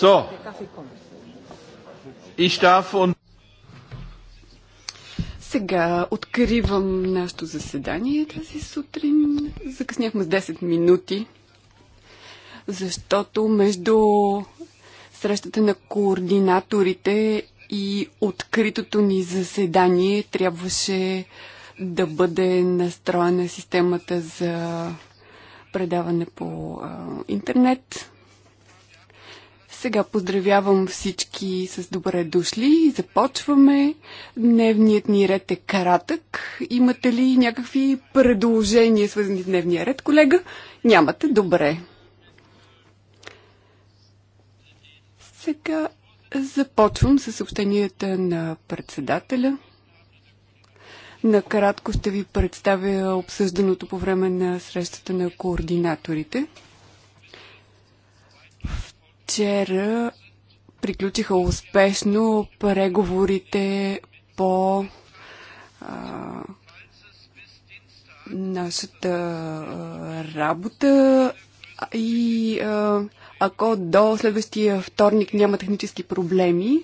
So. Ich darf und сега откривам нашето заседание тази сутрин. Закъсняхме с 10 минути, защото между срещата на координаторите и откритото ни заседание трябваше да бъде настроена системата за предаване по а, интернет. Сега поздравявам всички с добре дошли. и Започваме. Дневният ни ред е каратък. Имате ли някакви предложения, свързани с дневния ред, колега? Нямате. Добре. Сега започвам с съобщенията на председателя. Накратко ще ви представя обсъжданото по време на срещата на координаторите – Вчера приключиха успешно преговорите по а, нашата а, работа и а, ако до следващия вторник няма технически проблеми,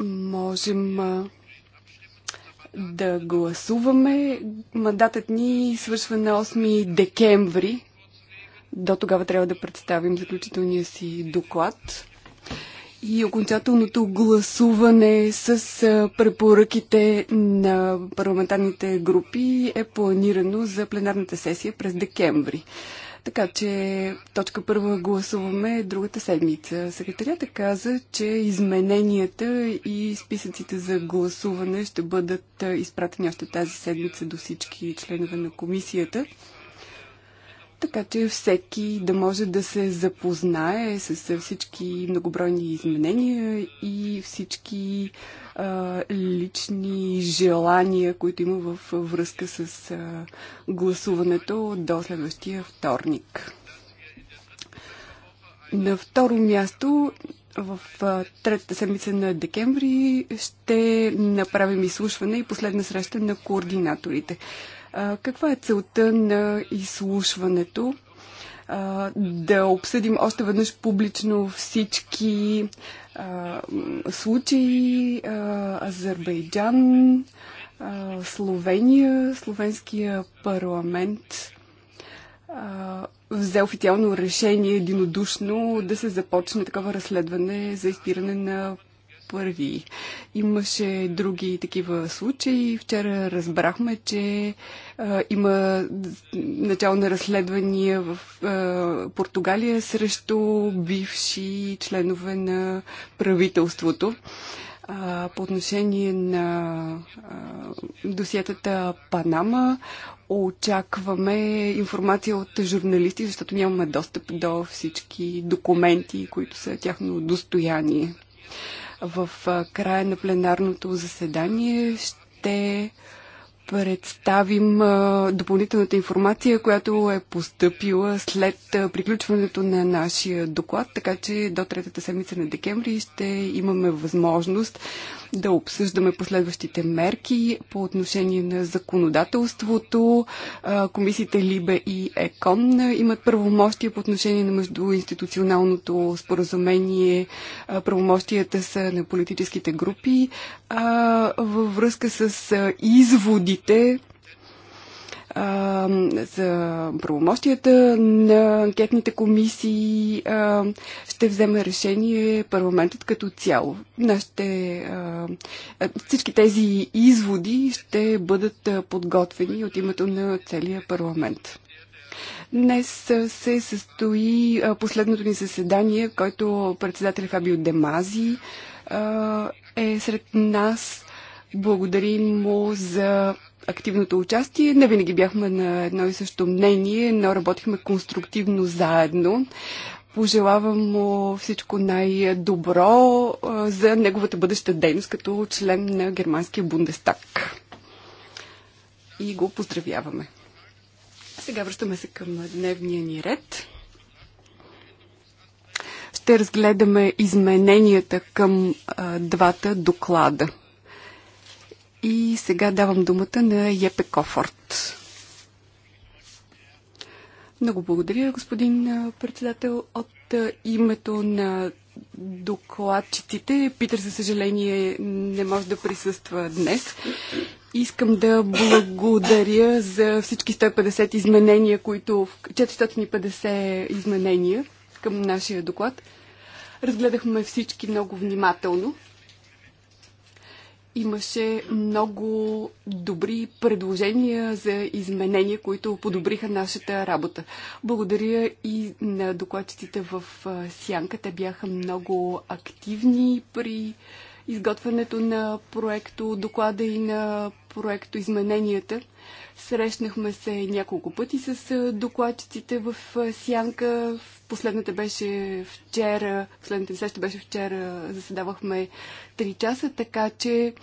можем а, да гласуваме. Мандатът ни свършва на 8 декември до тогава трябва да представим заключителния си доклад и окончателното гласуване с препоръките на парламентарните групи е планирано за пленарната сесия през декември. Така че точка първа гласуваме другата седмица. Секретарията каза, че измененията и списъците за гласуване ще бъдат изпратени още тази седмица до всички членове на комисията така че всеки да може да се запознае с всички многобройни изменения и всички а, лични желания, които има в връзка с а, гласуването до следващия вторник. На второ място, в третата седмица на декември ще направим изслушване и последна среща на координаторите. Каква е целта на изслушването? Да обсъдим още веднъж публично всички случаи. Азербайджан, Словения, Словенския парламент взе официално решение единодушно да се започне такова разследване за изпиране на първи. Имаше други такива случаи. Вчера разбрахме, че а, има начало на разследвания в а, Португалия срещу бивши членове на правителството. А, по отношение на а, досиетата Панама, очакваме информация от журналисти, защото нямаме достъп до всички документи, които са тяхно достояние. В края на пленарното заседание ще представим допълнителната информация, която е поступила след приключването на нашия доклад, така че до третата седмица на декември ще имаме възможност да обсъждаме последващите мерки по отношение на законодателството. Комисиите Либе и ЕКОН имат правомощия по отношение на междуинституционалното споразумение. Правомощията са на политическите групи. Във връзка с изводи възможностите а, за правомощията на анкетните комисии а, ще вземе решение парламентът като цяло. Нашите, а, всички тези изводи ще бъдат подготвени от името на целия парламент. Днес се състои последното ни заседание, който председател Фабио Демази е сред нас Благодарим му за активното участие. Не винаги бяхме на едно и също мнение, но работихме конструктивно заедно. Пожелавам му всичко най-добро за неговата бъдеща дейност като член на Германския Бундестаг. И го поздравяваме. Сега връщаме се към дневния ни ред. Ще разгледаме измененията към а, двата доклада. И сега давам думата на Епе Кофорт. Много благодаря, господин председател. От името на докладчиците, Питър, за съжаление, не може да присъства днес. Искам да благодаря за всички 150 изменения, които 450 изменения към нашия доклад. Разгледахме всички много внимателно имаше много добри предложения за изменения, които подобриха нашата работа. Благодаря и на докладчиците в Сянка. Те бяха много активни при изготвянето на проекто доклада и на проекто измененията. Срещнахме се няколко пъти с докладчиците в Сянка. Последната беше вчера, последната среща беше вчера, заседавахме 3 часа, така че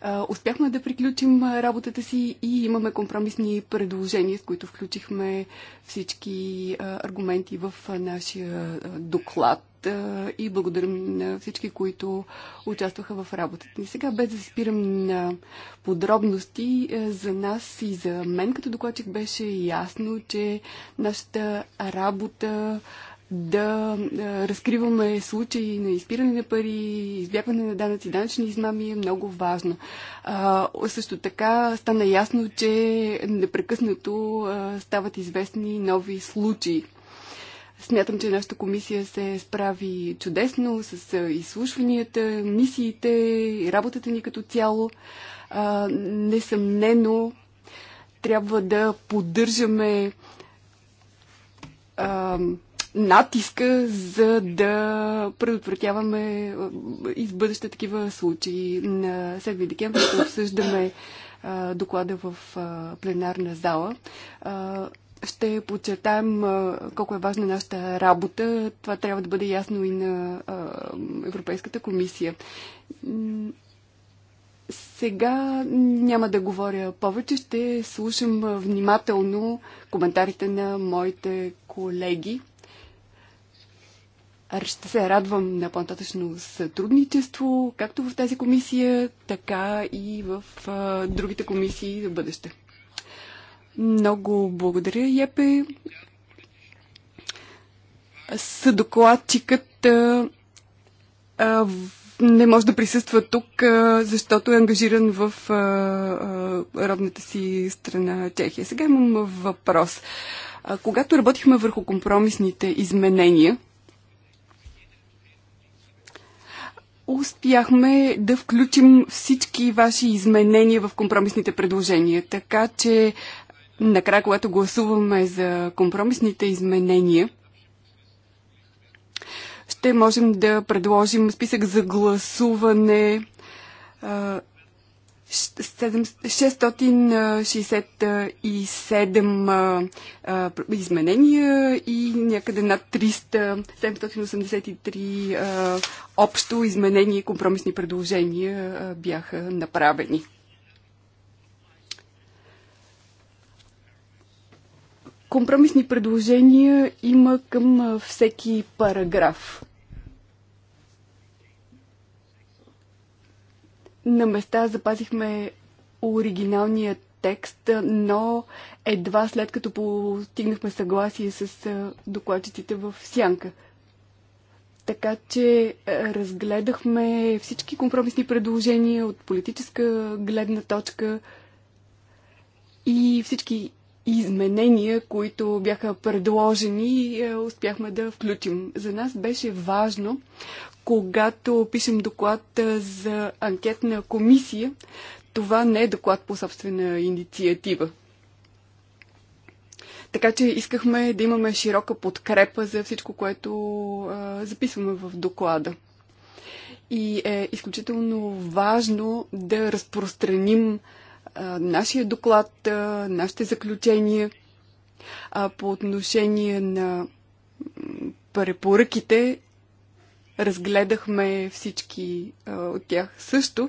а, успяхме да приключим работата си и имаме компромисни предложения, с които включихме всички а, аргументи в а, нашия доклад. Е, и благодарим на всички, които участваха в работата ни. Сега, без да се спирам на подробности, е, за нас и за мен като докладчик беше ясно, че нашата работа да е, разкриваме случаи на изпиране на пари, избягване на данъци, данъчни измами е много важно. А, също така стана ясно, че непрекъснато а, стават известни нови случаи. Смятам, че нашата комисия се справи чудесно с изслушванията, мисиите и работата ни като цяло. несъмнено трябва да поддържаме натиска, за да предотвратяваме в бъдеще такива случаи. На 7 декември ще обсъждаме доклада в пленарна зала ще подчертаем колко е важна нашата работа. Това трябва да бъде ясно и на Европейската комисия. Сега няма да говоря повече. Ще слушам внимателно коментарите на моите колеги. Ще се радвам на по-нататъчно сътрудничество, както в тази комисия, така и в другите комисии в бъдеще. Много благодаря, Епе. Съдокладчикът а, а, не може да присъства тук, а, защото е ангажиран в а, а, родната си страна Чехия. Сега имам въпрос. А, когато работихме върху компромисните изменения, успяхме да включим всички ваши изменения в компромисните предложения. Така че Накрая, когато гласуваме за компромисните изменения, ще можем да предложим списък за гласуване 667 изменения и някъде над 383 общо изменения и компромисни предложения бяха направени. Компромисни предложения има към всеки параграф. На места запазихме оригиналния текст, но едва след като постигнахме съгласие с докладчиците в Сянка. Така че разгледахме всички компромисни предложения от политическа гледна точка и всички изменения, които бяха предложени, е, успяхме да включим. За нас беше важно, когато пишем доклад е, за анкетна комисия, това не е доклад по собствена инициатива. Така че искахме да имаме широка подкрепа за всичко, което а, е, записваме в доклада. И е изключително важно да разпространим а, нашия доклад, нашите заключения. А по отношение на препоръките, разгледахме всички от тях също.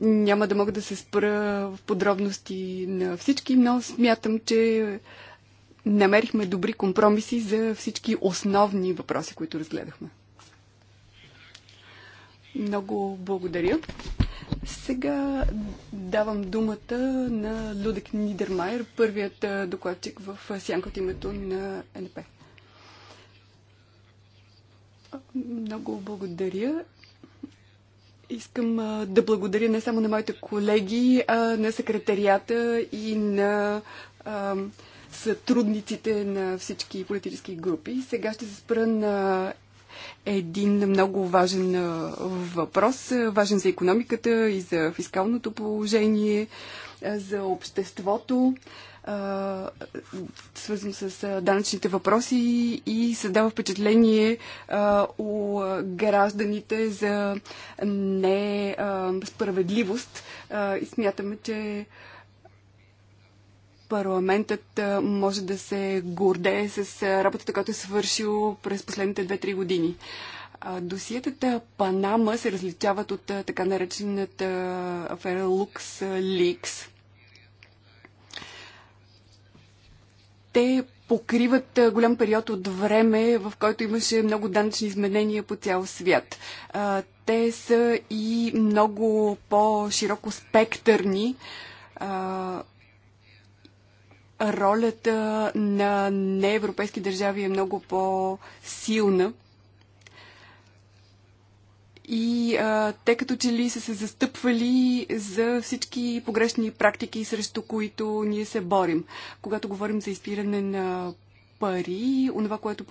Няма да мога да се спра в подробности на всички, но смятам, че намерихме добри компромиси за всички основни въпроси, които разгледахме. Много благодаря. Сега давам думата на Людек Нидермайер, първият докладчик в сянка от името на НП. Много благодаря. Искам да благодаря не само на моите колеги, а на секретарията и на сътрудниците на всички политически групи. Сега ще се спра на един много важен въпрос, важен за економиката и за фискалното положение, за обществото, свързан с данъчните въпроси и създава впечатление у гражданите за несправедливост. Смятаме, че парламентът може да се гордее с работата, която е свършил през последните 2-3 години. Досиетата Панама се различават от така наречената афера Лукс Ликс. Те покриват голям период от време, в който имаше много данъчни изменения по цял свят. Те са и много по-широко спектърни ролята на неевропейски държави е много по-силна. И а, те като че ли са се застъпвали за всички погрешни практики, срещу които ние се борим. Когато говорим за изпиране на пари, онова, което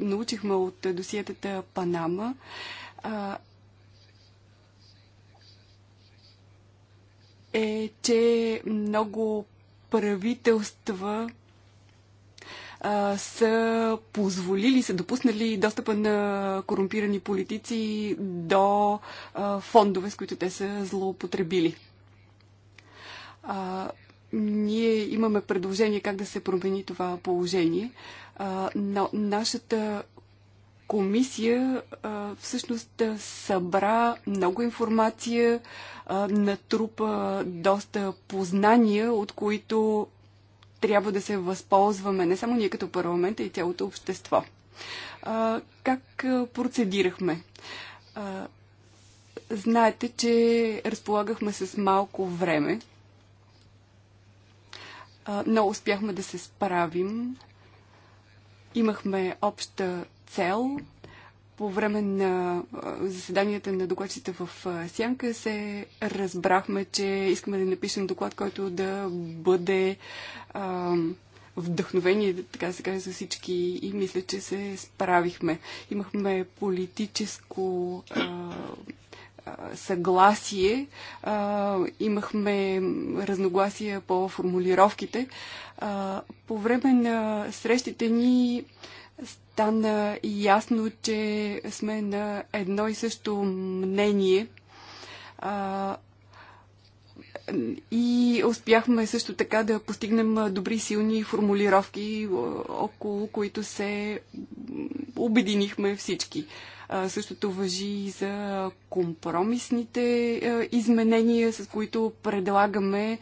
научихме от досиетата Панама, а, е, че много правителства а, са позволили, са допуснали достъпа на корумпирани политици до а, фондове, с които те са злоупотребили. А, ние имаме предложение как да се промени това положение, а, но нашата комисия всъщност събра много информация, натрупа доста познания, от които трябва да се възползваме не само ние като парламент, а и цялото общество. как процедирахме? знаете, че разполагахме с малко време, но успяхме да се справим. Имахме обща цел по време на заседанията на докладчите в Сянка се разбрахме, че искаме да напишем доклад, който да бъде а, вдъхновение, така да се каже, за всички и мисля, че се справихме. Имахме политическо а, а, съгласие, а, имахме разногласия по формулировките. А, по време на срещите ни а, Стана ясно, че сме на едно и също мнение и успяхме също така да постигнем добри силни формулировки, около които се обединихме всички. Същото въжи и за компромисните изменения, с които предлагаме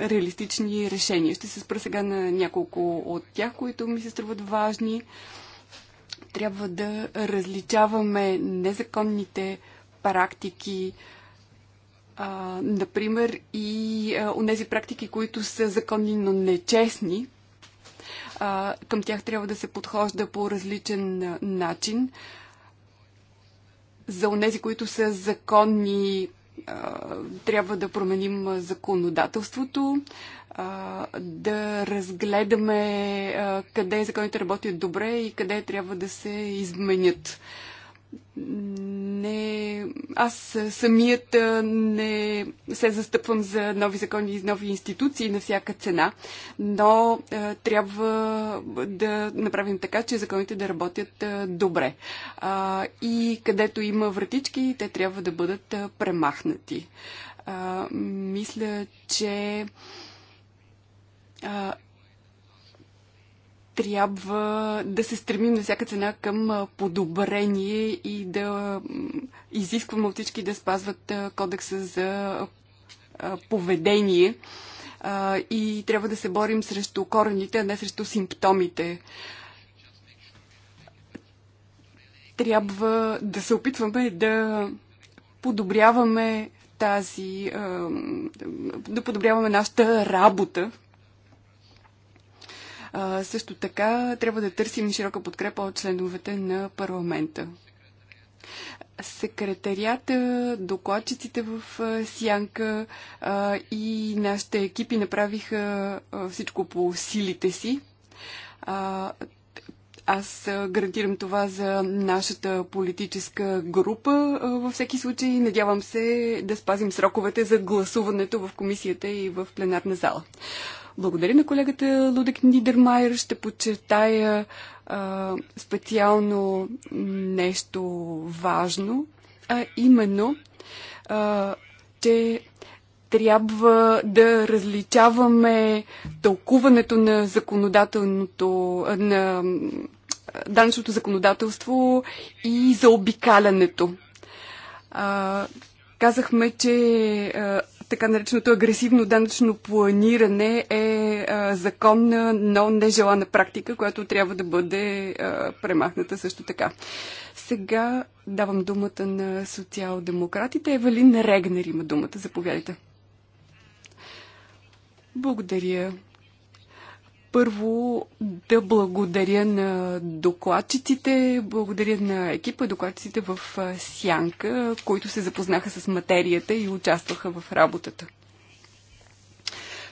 реалистични решения. Ще се спра сега на няколко от тях, които ми се струват важни. Трябва да различаваме незаконните практики, а, например, и от тези практики, които са законни, но нечестни, а, към тях трябва да се подхожда по различен начин за онези, които са законни, трябва да променим законодателството, да разгледаме къде законите работят добре и къде трябва да се изменят не, аз самият не се застъпвам за нови закони и нови институции на всяка цена, но трябва да направим така, че законите да работят добре. и където има вратички, те трябва да бъдат премахнати. мисля, че трябва да се стремим на всяка цена към подобрение и да изискваме от всички да спазват кодекса за поведение. И трябва да се борим срещу корените, а не срещу симптомите. Трябва да се опитваме да подобряваме тази, да подобряваме нашата работа, също така трябва да търсим широка подкрепа от членовете на парламента. Секретарията, докладчиците в Сянка и нашите екипи направиха всичко по силите си. аз гарантирам това за нашата политическа група. Във всеки случай надявам се да спазим сроковете за гласуването в комисията и в пленарна зала. Благодаря на колегата Лудек Нидермайер. Ще подчертая а, специално нещо важно, а именно, а, че трябва да различаваме тълкуването на законодателното, на данъчното законодателство и заобикалянето. А, казахме, че а, така нареченото агресивно данъчно планиране е а, законна, но нежелана практика, която трябва да бъде а, премахната също така. Сега давам думата на социал-демократите. Евелин Регнер има думата. Заповядайте. Благодаря, първо да благодаря на докладчиците, благодаря на екипа докладчиците в Сянка, които се запознаха с материята и участваха в работата.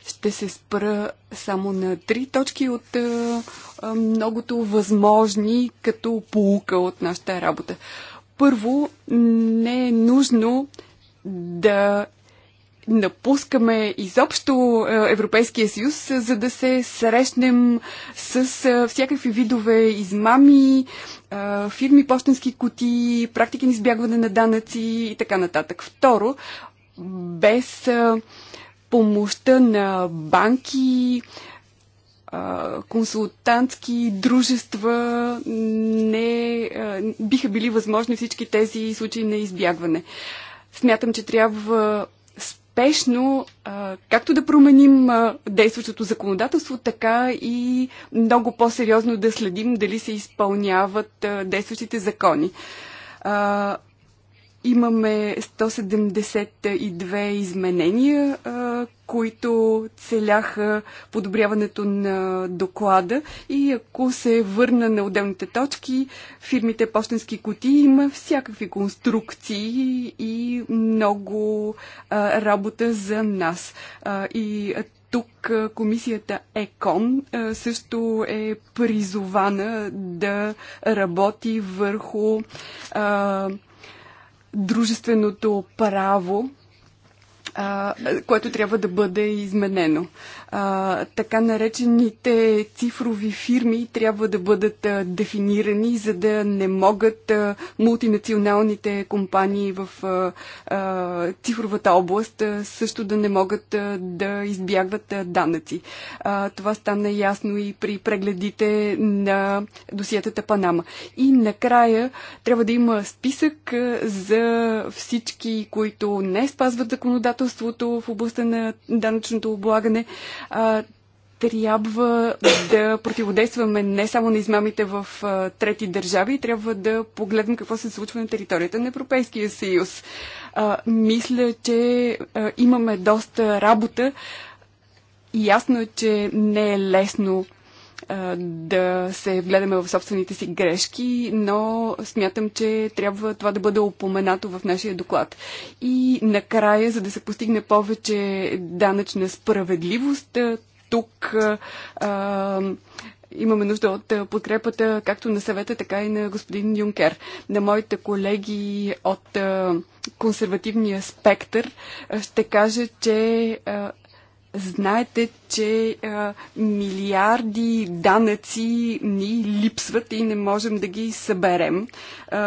Ще се спра само на три точки от многото възможни като полука от нашата работа. Първо, не е нужно да напускаме изобщо е, Европейския съюз, за да се срещнем с е, всякакви видове измами, е, фирми, почтенски кути, практики на избягване на данъци и така нататък. Второ, без помощта на банки, консултантски дружества не биха били възможни всички тези случаи на избягване. Смятам, че трябва успешно а, както да променим а, действащото законодателство, така и много по-сериозно да следим дали се изпълняват а, действащите закони. А, Имаме 172 изменения, които целяха подобряването на доклада и ако се върна на отделните точки, фирмите почтенски коти има всякакви конструкции и много работа за нас. И тук комисията ЕКОН също е призована да работи върху дружественото право, а, което трябва да бъде изменено а, така наречените цифрови фирми трябва да бъдат а, дефинирани, за да не могат а, мултинационалните компании в а, а, цифровата област а, също да не могат а, да избягват а, данъци. А, това стана ясно и при прегледите на досиетата Панама. И накрая трябва да има списък а, за всички, които не спазват законодателството в областта на данъчното облагане, а, трябва да противодействаме не само на измамите в а, трети държави, трябва да погледнем какво се случва на територията на Европейския съюз. А, мисля, че а, имаме доста работа. Ясно е, че не е лесно да се вгледаме в собствените си грешки, но смятам, че трябва това да бъде упоменато в нашия доклад. И накрая, за да се постигне повече данъчна справедливост, тук а, имаме нужда от подкрепата както на съвета, така и на господин Юнкер. На моите колеги от консервативния спектър ще кажа, че Знаете, че а, милиарди данъци ни липсват и не можем да ги съберем а,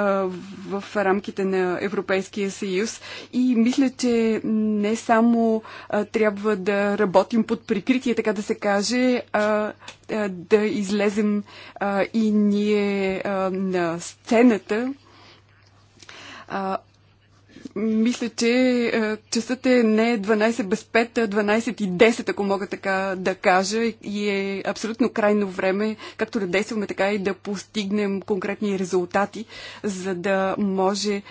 в рамките на Европейския съюз. И мисля, че не само а, трябва да работим под прикритие, така да се каже, а, а, да излезем а, и ние а, на сцената. А, мисля, че е, часът е не 12 без 5, а 12 и 10, ако мога така да кажа. И е абсолютно крайно време, както да действаме, така и да постигнем конкретни резултати, за да може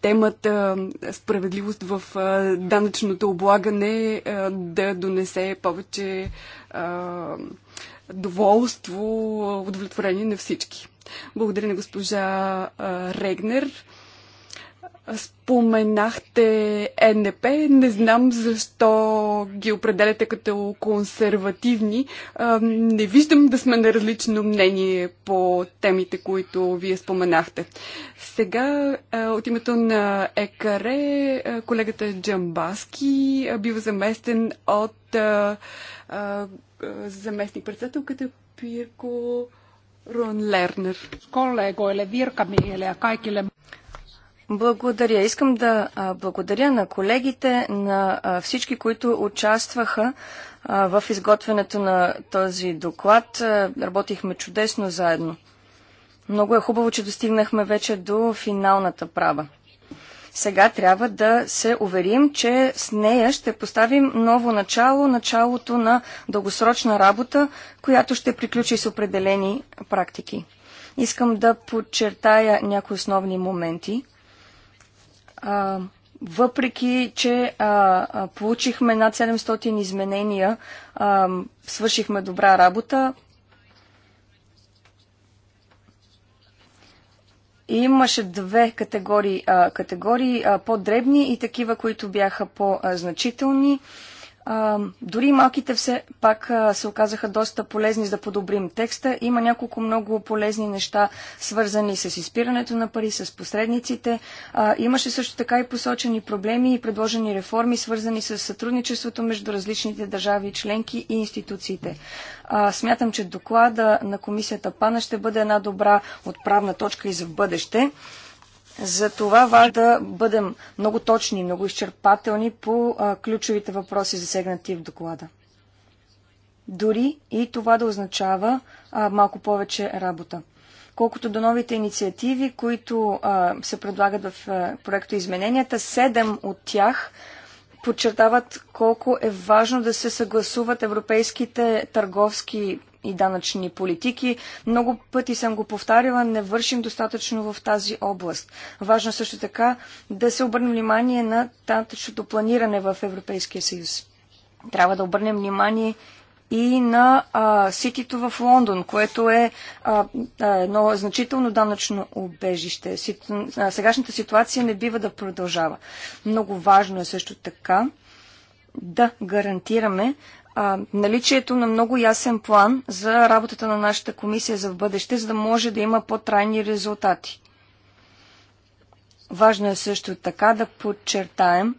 темата е, справедливост в е, данъчното облагане да донесе повече доволство, удовлетворение на всички. Благодаря на госпожа Регнер. Споменахте НДП. Не знам защо ги определяте като консервативни. Не виждам да сме на различно мнение по темите, които вие споменахте. Сега от името на ЕКАРЕ колегата Джамбаски бива заместен от заместник председателката Пирко Рон Лернер. Коллегоille, virkamiehille ja kaikille благодаря. Искам да благодаря на колегите, на всички, които участваха в изготвянето на този доклад. Работихме чудесно заедно. Много е хубаво, че достигнахме вече до финалната права. Сега трябва да се уверим, че с нея ще поставим ново начало, началото на дългосрочна работа, която ще приключи с определени практики. Искам да подчертая някои основни моменти а, въпреки, че а, а, получихме над 700 изменения, а, свършихме добра работа. И имаше две категории, а, категории а, по-дребни и такива, които бяха по-значителни. А, а, дори малките все пак а, се оказаха доста полезни за да подобрим текста. Има няколко много полезни неща, свързани с изпирането на пари, с посредниците. А, имаше също така и посочени проблеми и предложени реформи, свързани с сътрудничеството между различните държави, членки и институциите. А, смятам, че доклада на комисията ПАНА ще бъде една добра отправна точка и за в бъдеще. За това важно е да бъдем много точни, много изчерпателни по а, ключовите въпроси, засегнати в доклада. Дори и това да означава а, малко повече работа. Колкото до новите инициативи, които а, се предлагат в проекта проекто измененията, седем от тях подчертават колко е важно да се съгласуват европейските търговски и данъчни политики. Много пъти съм го повтаряла, не вършим достатъчно в тази област. Важно е също така да се обърне внимание на данъчното планиране в Европейския съюз. Трябва да обърнем внимание и на а, ситито в Лондон, което е а, а, едно значително данъчно убежище. Сит, а, сегашната ситуация не бива да продължава. Много важно е също така да гарантираме а, наличието на много ясен план за работата на нашата комисия за в бъдеще, за да може да има по-трайни резултати. Важно е също така да подчертаем,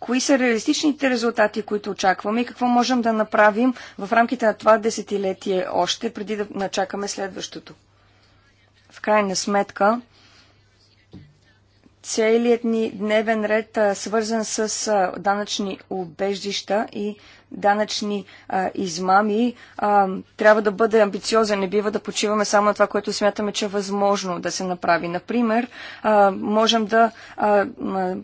кои са реалистичните резултати, които очакваме и какво можем да направим в рамките на това десетилетие още, преди да начакаме следващото. В крайна сметка, целият ни дневен ред, а, свързан с а, данъчни убеждища и данъчни а, измами, а, трябва да бъде амбициозен. Не бива да почиваме само на това, което смятаме, че е възможно да се направи. Например, а, можем да. А, а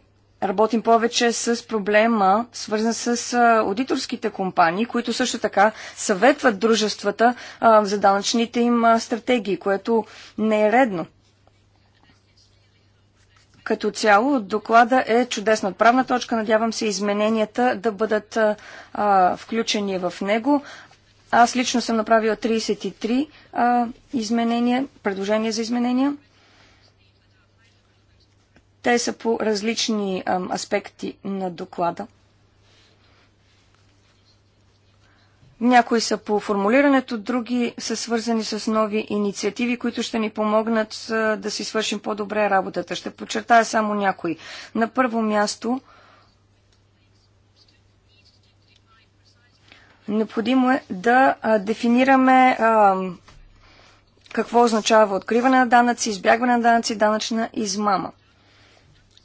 Работим повече с проблема, свързан с а, аудиторските компании, които също така съветват дружествата а, за данъчните им а, стратегии, което не е редно. Като цяло доклада е чудесна отправна точка. Надявам се измененията да бъдат а, включени в него. Аз лично съм направила 33 а, изменения, предложения за изменения. Те са по различни а, аспекти на доклада. Някои са по формулирането, други са свързани с нови инициативи, които ще ни помогнат да си свършим по-добре работата. Ще подчертая само някои. На първо място, необходимо е да дефинираме какво означава откриване на данъци, избягване на данъци, данъчна измама.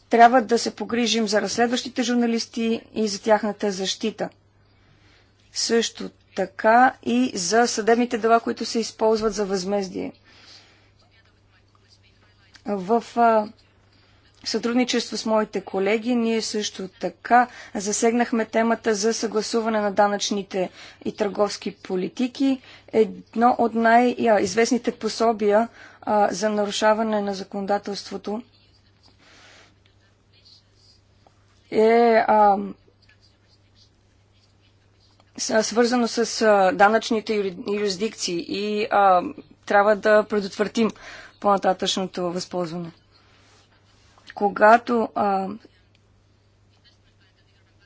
Трябва да се погрижим за разследващите журналисти и за тяхната защита. Също така и за съдебните дела, които се използват за възмездие. В сътрудничество с моите колеги ние също така засегнахме темата за съгласуване на данъчните и търговски политики. Едно от най-известните пособия за нарушаване на законодателството е свързано с данъчните юрисдикции и а, трябва да предотвратим по-нататъчното възползване. Когато а,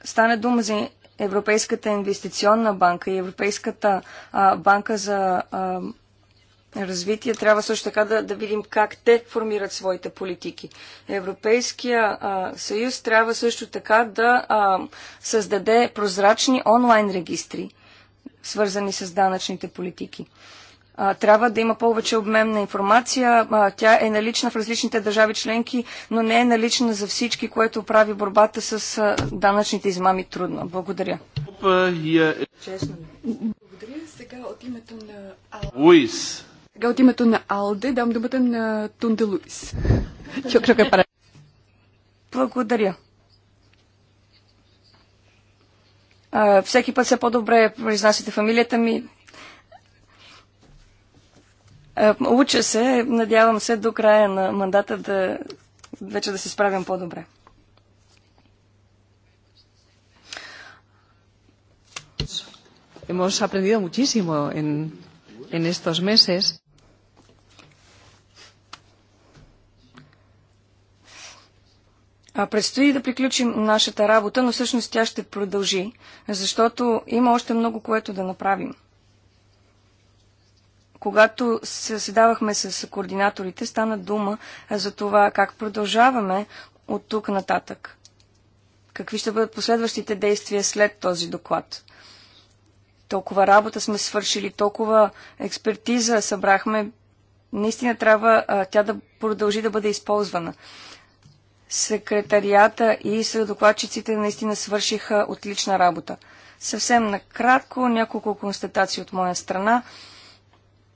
стане дума за Европейската инвестиционна банка и Европейската а, банка за а, развитие, трябва също така да, да видим как те формират своите политики. Европейския а, съюз трябва също така да а, създаде прозрачни онлайн регистри, свързани с данъчните политики. А, трябва да има повече обмен на информация. А, тя е налична в различните държави членки, но не е налична за всички, което прави борбата с а, данъчните измами трудно. Благодаря. Честно. Благодаря. Сега от името на Алла. Сега от името на Алде дам думата на Тунде Луис. Е Благодаря. А, всеки път се по-добре произнасяте фамилията ми. А, уча се, надявам се до края на мандата да вече да се справям по-добре. Hemos aprendido muchísimo en, en estos meses. Предстои да приключим нашата работа, но всъщност тя ще продължи, защото има още много което да направим. Когато се седавахме с координаторите, стана дума за това как продължаваме от тук нататък. Какви ще бъдат последващите действия след този доклад? Толкова работа сме свършили, толкова експертиза събрахме. Наистина трябва а, тя да продължи да бъде използвана секретарията и средокладчиците наистина свършиха отлична работа. Съвсем накратко няколко констатации от моя страна.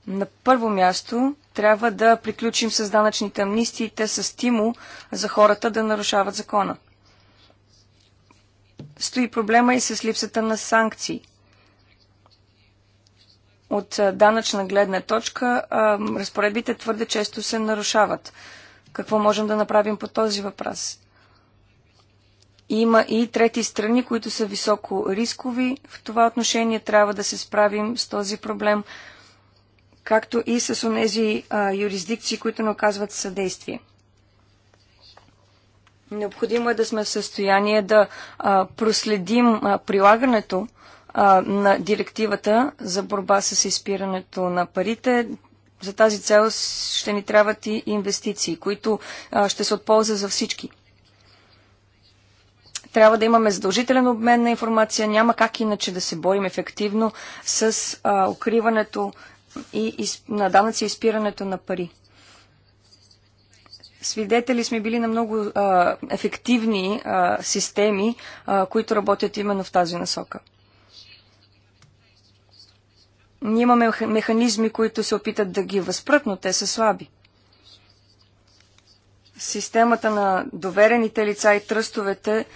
На първо място трябва да приключим с данъчните амнистии. Те са стимул за хората да нарушават закона. Стои проблема и с липсата на санкции. От данъчна гледна точка разпоредбите твърде често се нарушават какво можем да направим по този въпрос. Има и трети страни, които са високо рискови. В това отношение трябва да се справим с този проблем, както и с онези а, юрисдикции, които не оказват съдействие. Необходимо е да сме в състояние да а, проследим а, прилагането а, на директивата за борба с изпирането на парите за тази цел ще ни трябват и инвестиции, които а, ще се отползва за всички. Трябва да имаме задължителен обмен на информация. Няма как иначе да се борим ефективно с а, укриването и, и, на данъци и изпирането на пари. Свидетели сме били на много а, ефективни а, системи, а, които работят именно в тази насока. Ние имаме механизми, които се опитат да ги възпрат, но те са слаби. Системата на доверените лица и тръстовете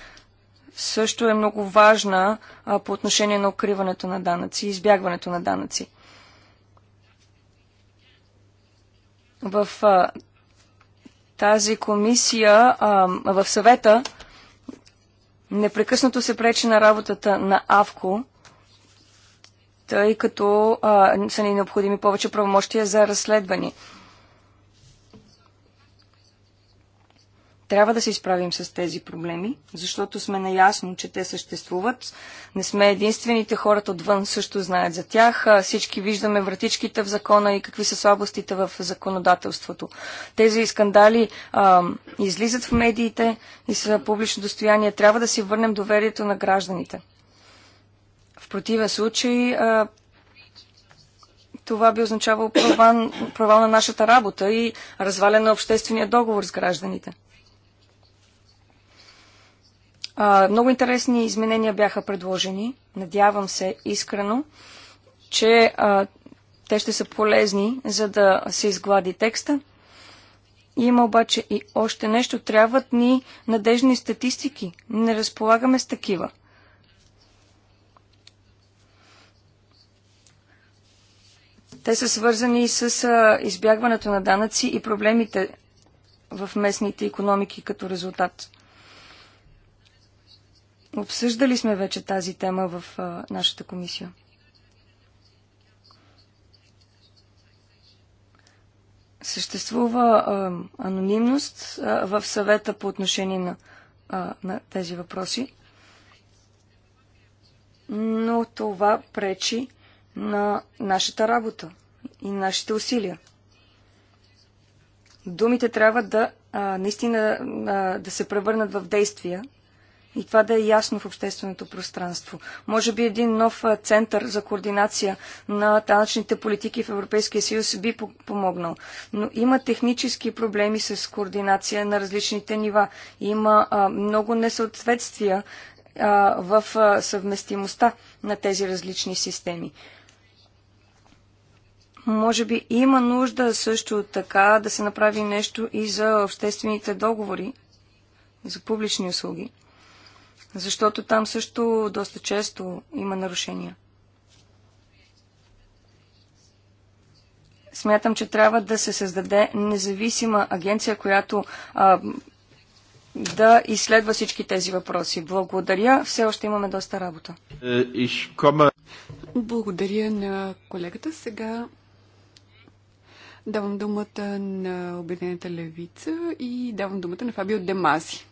също е много важна а, по отношение на укриването на данъци и избягването на данъци. В а, тази комисия, а, в съвета, непрекъснато се пречи на работата на АВКО тъй като а, са ни необходими повече правомощия за разследване. Трябва да се изправим с тези проблеми, защото сме наясно, че те съществуват. Не сме единствените, хората отвън също знаят за тях. Всички виждаме вратичките в закона и какви са слабостите в законодателството. Тези скандали а, излизат в медиите и са публично достояние. Трябва да си върнем доверието на гражданите. В противен случай а, това би означавало провал, провал на нашата работа и разваля на обществения договор с гражданите. А, много интересни изменения бяха предложени. Надявам се искрено, че а, те ще са полезни, за да се изглади текста. Има обаче и още нещо. Трябват ни надежни статистики. Не разполагаме с такива. Те са свързани с избягването на данъци и проблемите в местните економики като резултат. Обсъждали сме вече тази тема в нашата комисия. Съществува а, анонимност а, в съвета по отношение на, а, на тези въпроси, но това пречи на нашата работа и нашите усилия. Думите трябва да а, наистина а, да се превърнат в действия и това да е ясно в общественото пространство. Може би един нов център за координация на данъчните политики в Европейския съюз би помогнал. Но има технически проблеми с координация на различните нива. Има а, много несъответствия а, в а, съвместимостта на тези различни системи. Може би има нужда също така да се направи нещо и за обществените договори, за публични услуги, защото там също доста често има нарушения. Смятам, че трябва да се създаде независима агенция, която а, да изследва всички тези въпроси. Благодаря. Все още имаме доста работа. Е, Благодаря на колегата. Сега Давам думата на Обединената левица и давам думата на Фабио Демази.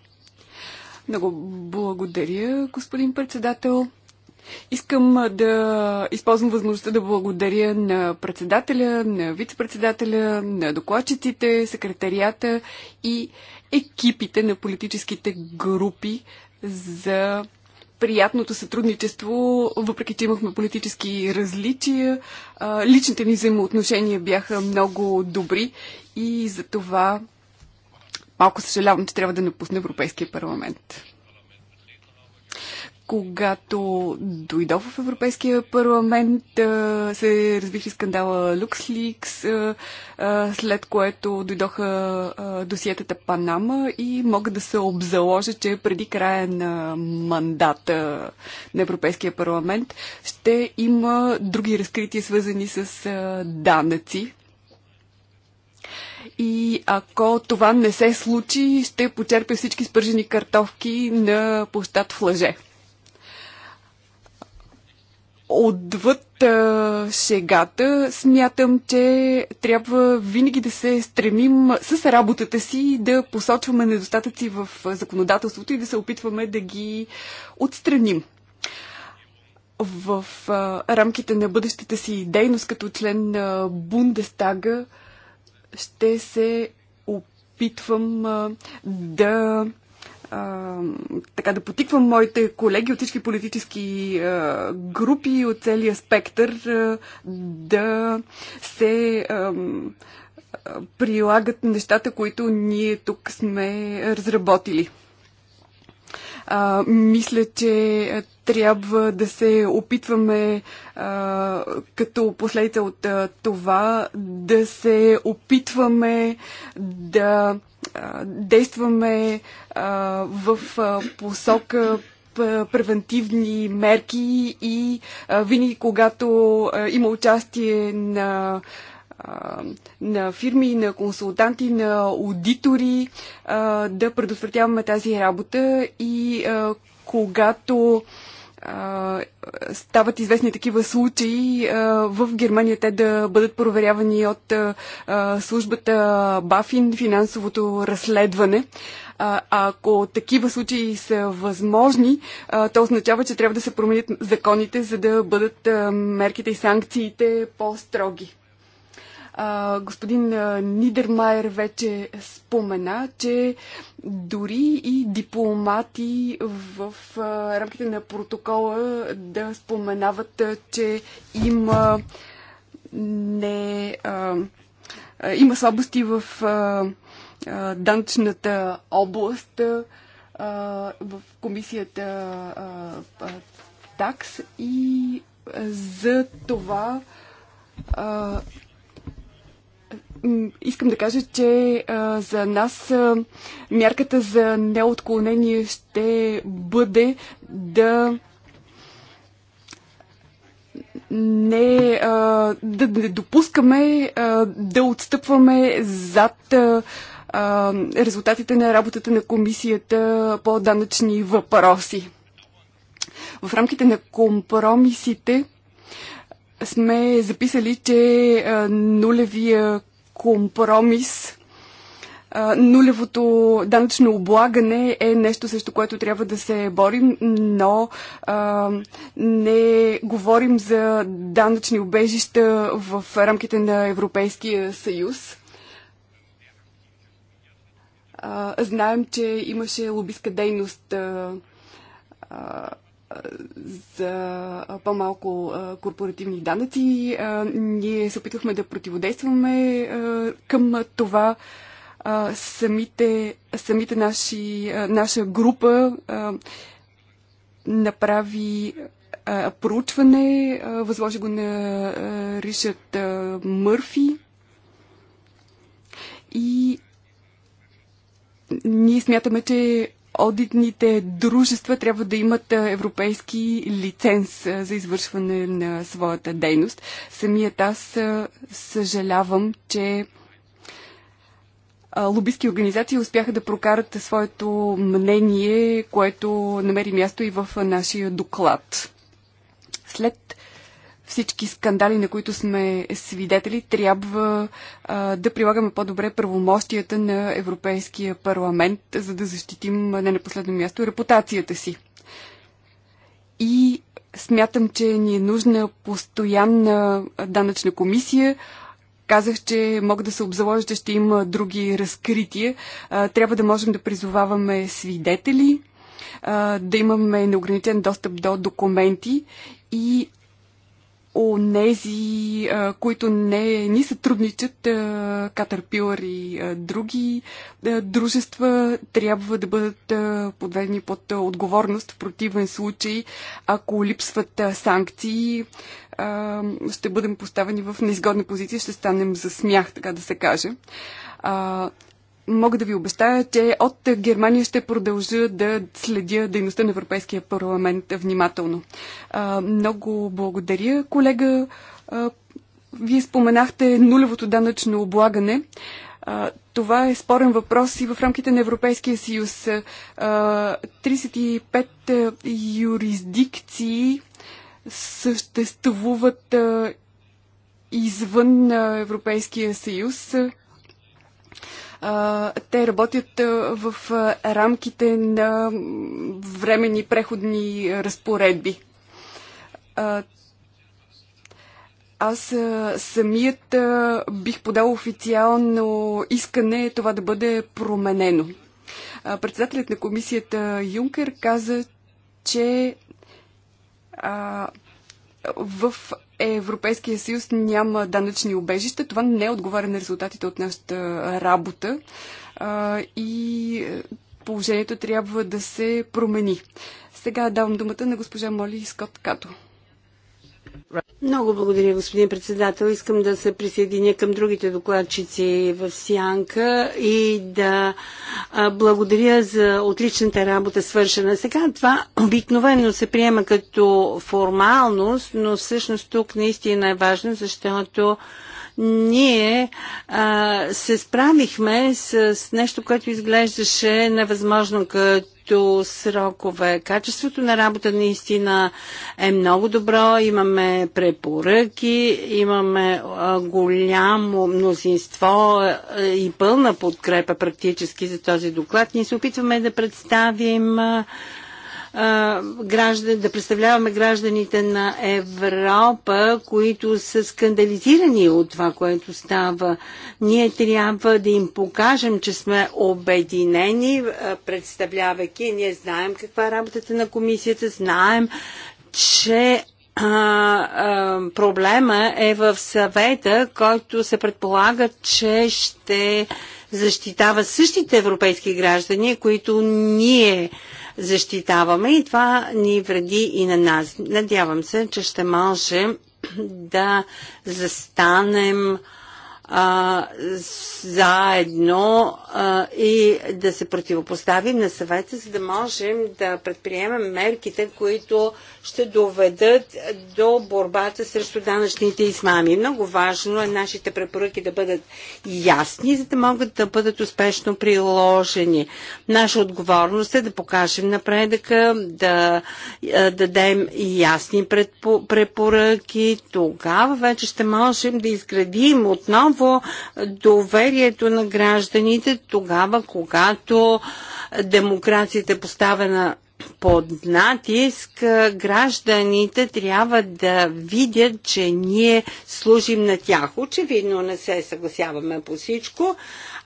Много благодаря, господин председател. Искам да използвам възможността да благодаря на председателя, на вице-председателя, на докладчиците, секретарията и екипите на политическите групи за приятното сътрудничество, въпреки че имахме политически различия. Личните ни взаимоотношения бяха много добри и за това малко съжалявам, че трябва да напусне Европейския парламент когато дойдох в Европейския парламент, се развихи скандала LuxLeaks, след което дойдоха досиетата Панама и мога да се обзаложа, че преди края на мандата на Европейския парламент ще има други разкрития, свързани с данъци, и ако това не се случи, ще почерпя всички спържени картовки на площад в лъже отвъд а, шегата, смятам, че трябва винаги да се стремим с работата си да посочваме недостатъци в законодателството и да се опитваме да ги отстраним. В а, рамките на бъдещата си дейност като член на Бундестага ще се опитвам а, да така да потиквам моите колеги от всички политически а, групи от целия спектър а, да се а, прилагат нещата, които ние тук сме разработили. А, мисля, че трябва да се опитваме а, като последица от а, това да се опитваме да действаме в посока превентивни мерки и винаги когато има участие на на фирми, на консултанти, на аудитори да предотвратяваме тази работа и когато стават известни такива случаи в Германия те да бъдат проверявани от службата Бафин, финансовото разследване. А, ако такива случаи са възможни, то означава, че трябва да се променят законите, за да бъдат мерките и санкциите по-строги господин Нидермайер вече спомена, че дори и дипломати в рамките на протокола да споменават, че има не. А, има слабости в а, а, данъчната област, а, в комисията а, а, такс и за това а, искам да кажа, че а, за нас а, мярката за неотклонение ще бъде да не, а, да не допускаме а, да отстъпваме зад а, а, резултатите на работата на комисията по данъчни въпроси. В рамките на компромисите сме записали, че нулевия компромис. Нулевото данъчно облагане е нещо, срещу което трябва да се борим, но а, не говорим за данъчни обежища в рамките на Европейския съюз. А, знаем, че имаше лобистка дейност а, а, за по-малко корпоративни данъци. Ние се опитвахме да противодействаме към това. Самите, самите наши, наша група направи проучване, възложи го на Ришард Мърфи и ние смятаме, че Одитните дружества трябва да имат европейски лиценз за извършване на своята дейност. Самият аз съжалявам, че лобистки организации успяха да прокарат своето мнение, което намери място и в нашия доклад. След всички скандали, на които сме свидетели, трябва а, да прилагаме по-добре правомощията на Европейския парламент, за да защитим не на последно място репутацията си. И смятам, че ни е нужна постоянна данъчна комисия. Казах, че мога да се обзаложа, че ще има други разкрития. А, трябва да можем да призоваваме свидетели, а, да имаме неограничен достъп до документи и онези, които не ни сътрудничат, Катърпилър и други дружества, трябва да бъдат подведени под отговорност. В противен случай, ако липсват санкции, ще бъдем поставени в неизгодна позиция, ще станем за смях, така да се каже мога да ви обещая, че от Германия ще продължа да следя дейността на Европейския парламент внимателно. Много благодаря, колега. Вие споменахте нулевото данъчно облагане. Това е спорен въпрос и в рамките на Европейския съюз. 35 юрисдикции съществуват извън Европейския съюз те работят в рамките на времени преходни разпоредби. Аз самият бих подал официално искане това да бъде променено. Председателят на комисията Юнкер каза, че а, в Европейския съюз няма данъчни обежища. Това не отговаря на резултатите от нашата работа а, и е, положението трябва да се промени. Сега давам думата на госпожа Моли Скот Като. Много благодаря, господин председател. Искам да се присъединя към другите докладчици в Сянка и да благодаря за отличната работа свършена. Сега това обикновено се приема като формалност, но всъщност тук наистина е важно, защото ние а, се справихме с, с нещо, което изглеждаше невъзможно като като срокове. Качеството на работа наистина е много добро. Имаме препоръки, имаме голямо мнозинство и пълна подкрепа практически за този доклад. Ние се опитваме да представим граждан, да представляваме гражданите на Европа, които са скандализирани от това, което става. Ние трябва да им покажем, че сме обединени, представлявайки. Ние знаем каква е работата на комисията, знаем, че а, а, проблема е в съвета, който се предполага, че ще защитава същите европейски граждани, които ние защитаваме и това ни вреди и на нас. Надявам се, че ще можем да застанем а, заедно а, и да се противопоставим на съвета, за да можем да предприемем мерките, които ще доведат до борбата срещу данъчните измами. Много важно е нашите препоръки да бъдат ясни, за да могат да бъдат успешно приложени. Наша отговорност е да покажем напредъка, да, е, дадем ясни препоръки. Тогава вече ще можем да изградим отново доверието на гражданите тогава, когато демокрацията е поставена под натиск, гражданите трябва да видят, че ние служим на тях. Очевидно не се съгласяваме по всичко.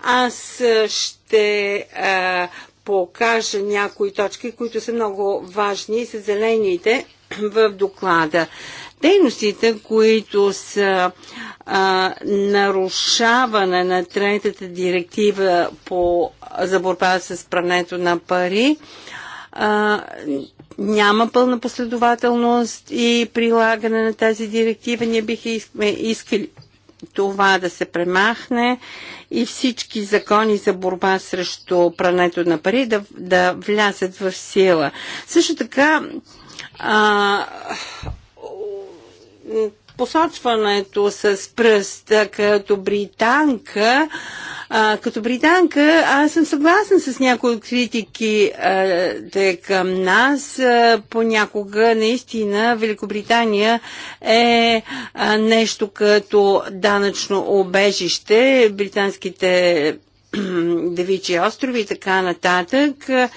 Аз ще е, покажа някои точки, които са много важни са зелените в доклада. Дейностите, които са а, нарушаване на третата директива по, за борба с прането на пари, а, а, няма пълна последователност и прилагане на тази директива. Ние бихме искали това да се премахне и всички закони за борба срещу прането на пари да, да влязат в сила. Също така, а, посочването с пръст като британка, а, като британка, аз съм съгласна с някои от критики а, към нас. А, понякога наистина Великобритания е а, нещо като данъчно обежище. Британските девичи острови и така нататък. А,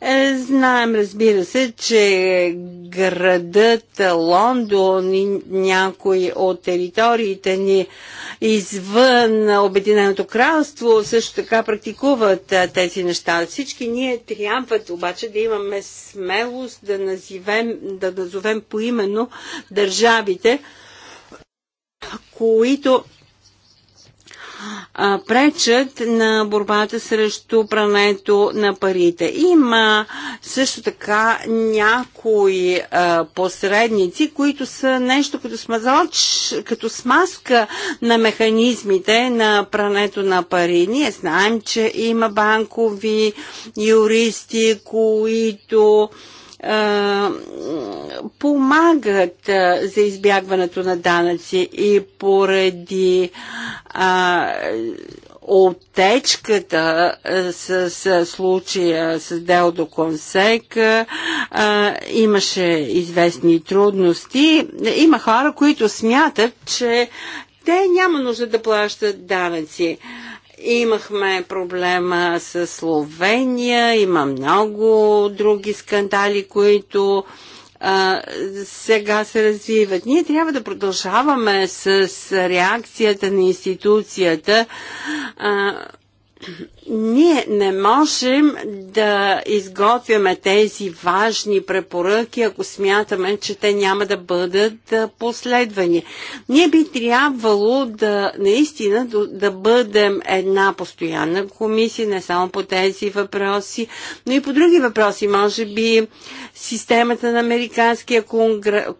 е, знаем, разбира се, че градът Лондон и някои от териториите ни извън Обединеното кралство също така практикуват е, тези неща. Всички ние трябва обаче да имаме смелост да назовем, да назовем поименно държавите, които пречат на борбата срещу прането на парите. Има също така някои а, посредници, които са нещо като, смазоч, като смазка на механизмите на прането на пари. Ние знаем, че има банкови юристи, които помагат за избягването на данъци и поради а, отечката с, с случая с до Консек а, имаше известни трудности. Има хора, които смятат, че те няма нужда да плащат данъци. А, Имахме проблема с Словения, има много други скандали, които а, сега се развиват. Ние трябва да продължаваме с реакцията на институцията. А, ние не можем да изготвяме тези важни препоръки, ако смятаме, че те няма да бъдат последвани. Ние би трябвало да наистина да бъдем една постоянна комисия, не само по тези въпроси, но и по други въпроси. Може би системата на Американския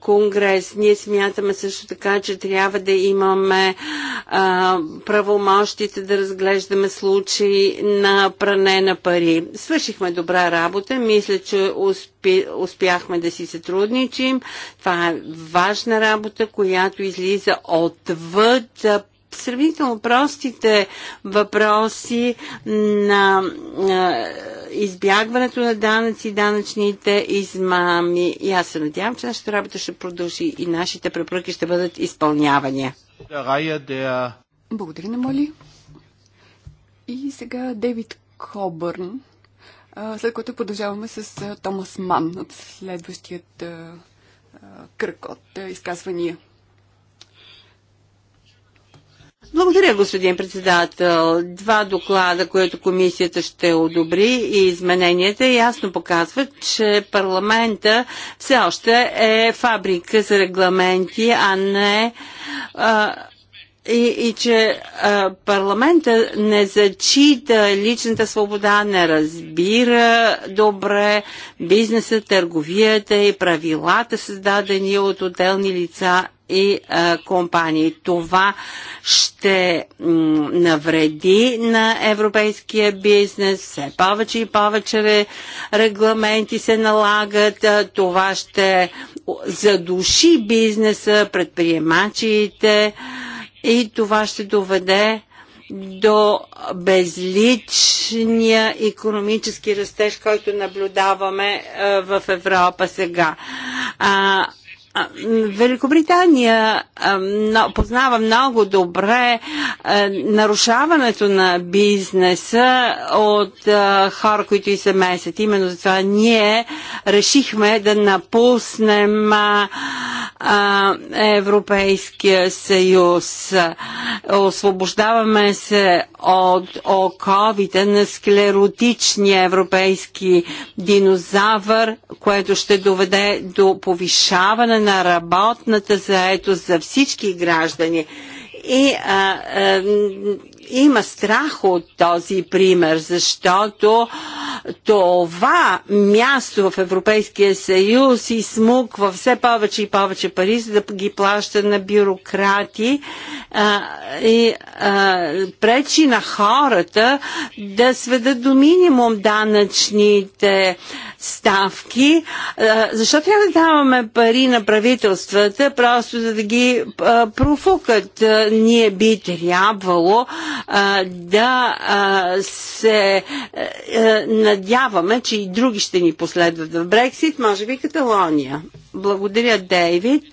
конгрес. Ние смятаме също така, че трябва да имаме правомощите да разглеждаме случаи на пране на пари. Свършихме добра работа, мисля, че успи, успяхме да си сътрудничим. Това е важна работа, която излиза отвъд сравнително простите въпроси на избягването на данъци, данъчните измами. И аз се надявам, че нашата работа ще продължи и нашите препоръки ще бъдат изпълнявани. Благодаря на Моли. И сега Дейвид Кобърн, след което продължаваме с Томас Ман от следващият кръг от изказвания. Благодаря, господин председател. Два доклада, които комисията ще одобри и измененията ясно показват, че парламента все още е фабрика за регламенти, а не а, и, и че а, парламента не зачита личната свобода, не разбира добре бизнеса, търговията и правилата, създадени от отделни лица и а, компании. Това ще навреди на европейския бизнес. Все повече и повече регламенти се налагат. Това ще задуши бизнеса, предприемачите. А, и това ще доведе до безличния економически растеж, който наблюдаваме е, в Европа сега. А, Великобритания но, познава много добре нарушаването на бизнеса от хора, които и се месят. Именно затова ние решихме да напуснем Европейския съюз. Освобождаваме се от оковите на склеротичния европейски динозавър, което ще доведе до повишаване на на работната заетост за всички граждани. И а, а, има страх от този пример, защото това място в Европейския съюз измуква все повече и повече пари, за да ги плаща на бюрократи а, и а, пречи на хората да сведат до минимум данъчните ставки. А, защо трябва да даваме пари на правителствата, просто за да ги а, профукат? А, ние би трябвало да се е, е, надяваме, че и други ще ни последват в Брексит, може би Каталония. Благодаря, Дейвид.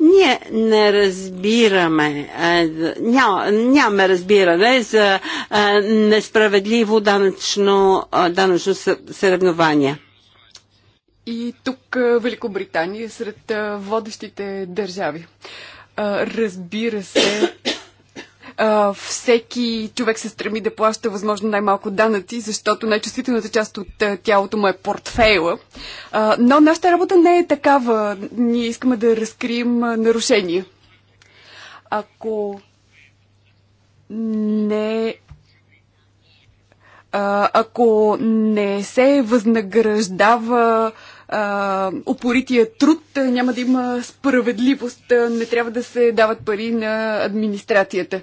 Ние не разбираме, е, няма, нямаме разбиране за несправедливо данъчно, данъчно съревнование. И тук Великобритания сред водещите държави. Разбира се, а, всеки човек се стреми да плаща възможно най-малко данъци, защото най-чувствителната част от а, тялото му е портфейла. А, но нашата работа не е такава. Ние искаме да разкрием а, нарушения. Ако не ако не се възнаграждава а, упорития труд, няма да има справедливост, не трябва да се дават пари на администрацията.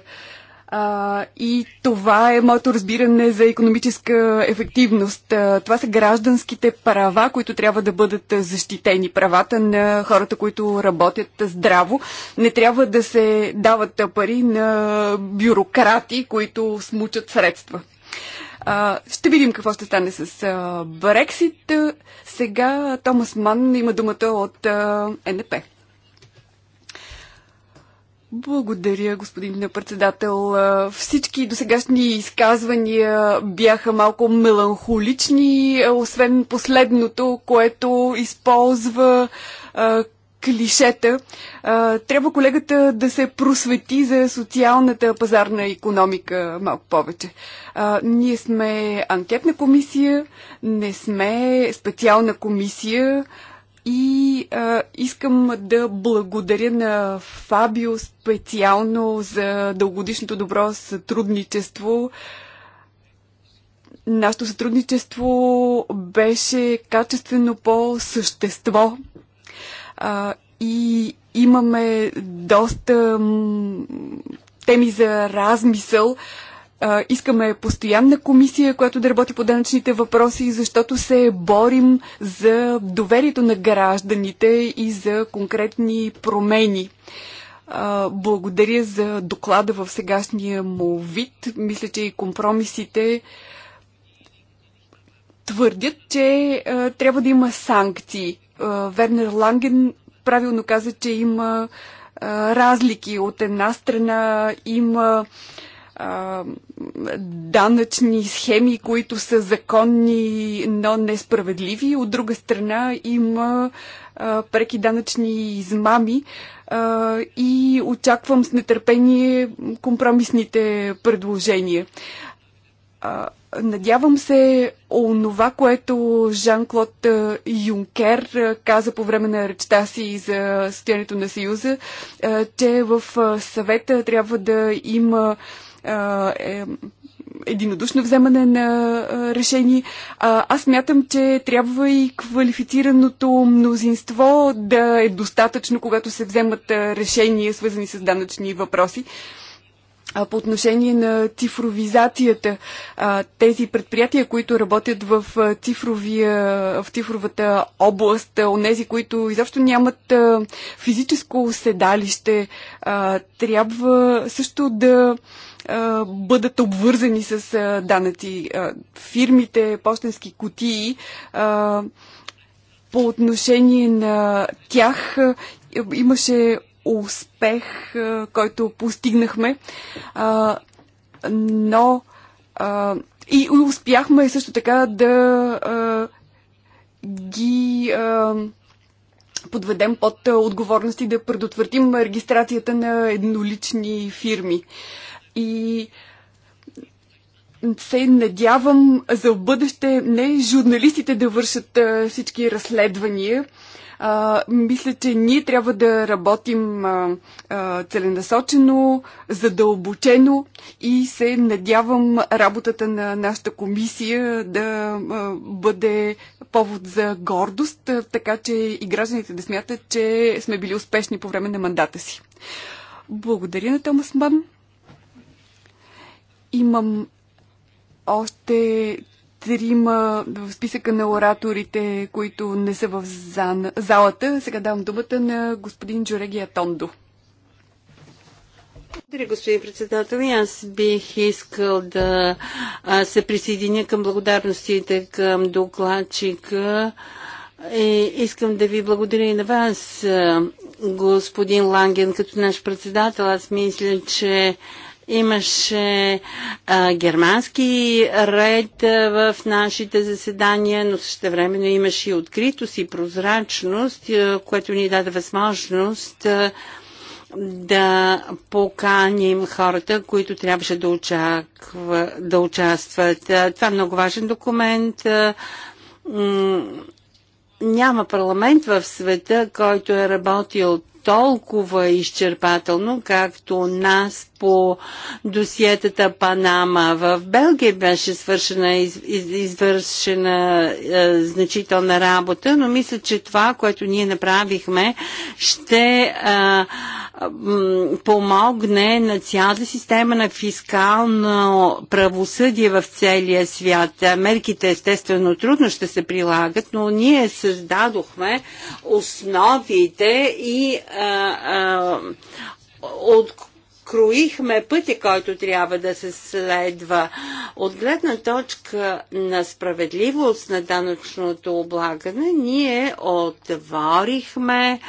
А, и това е моето разбиране за економическа ефективност. А, това са гражданските права, които трябва да бъдат защитени. Правата на хората, които работят здраво. Не трябва да се дават пари на бюрократи, които смучат средства. Ще видим какво ще стане с Брексит. Сега Томас Ман има думата от НП. Благодаря, господин председател. Всички досегашни изказвания бяха малко меланхолични, освен последното, което използва клишета. А, трябва колегата да се просвети за социалната пазарна економика малко повече. А, ние сме анкетна комисия, не сме специална комисия и а, искам да благодаря на Фабио специално за дългодишното добро сътрудничество. Нашето сътрудничество беше качествено по същество а, и имаме доста теми за размисъл. А, искаме постоянна комисия, която да работи по данъчните въпроси, защото се борим за доверието на гражданите и за конкретни промени. благодаря за доклада в сегашния му вид. Мисля, че и компромисите твърдят, че трябва да има санкции. Е, Вернер Ланген правилно каза, че има е, разлики. От една страна има е, данъчни схеми, които са законни, но несправедливи. От друга страна има преки данъчни измами и очаквам с нетърпение компромисните предложения. Надявам се, онова, което Жан-Клод Юнкер каза по време на речта си за състоянието на Съюза, че в съвета трябва да има е, единодушно вземане на решение. Аз мятам, че трябва и квалифицираното мнозинство да е достатъчно, когато се вземат решения, свързани с данъчни въпроси по отношение на цифровизацията, тези предприятия, които работят в, цифровия, в цифровата област, онези, които изобщо нямат физическо седалище, трябва също да бъдат обвързани с данъци. Фирмите, почтенски кутии, по отношение на тях имаше успех, който постигнахме. Но и успяхме също така да ги подведем под отговорности да предотвратим регистрацията на еднолични фирми. И се надявам за бъдеще не журналистите да вършат всички разследвания, а, мисля, че ние трябва да работим а, а, целенасочено, задълбочено и се надявам работата на нашата комисия да а, бъде повод за гордост, а, така че и гражданите да смятат, че сме били успешни по време на мандата си. Благодаря на Томас Ман. Имам още трима в списъка на ораторите, които не са в залата. Сега давам думата на господин Джорегия Тондо. Благодаря, господин председател. И аз бих искал да се присъединя към благодарностите към докладчика. И е, искам да ви благодаря и на вас, господин Ланген, като наш председател. Аз мисля, че Имаше а, германски ред а, в нашите заседания, но също времено имаше и откритост и прозрачност, а, което ни даде възможност а, да поканим хората, които трябваше да, очаква, да участват. А, това е много важен документ. А, няма парламент в света, който е работил толкова изчерпателно, както нас по досиетата Панама. В Белгия беше свършена, из, из, извършена е, значителна работа, но мисля, че това, което ние направихме, ще е, помогне на цялата система на фискално правосъдие в целия свят. Мерките естествено трудно ще се прилагат, но ние създадохме основите и е, от откроихме пътя, който трябва да се следва. От гледна точка на справедливост на данъчното облагане, ние отворихме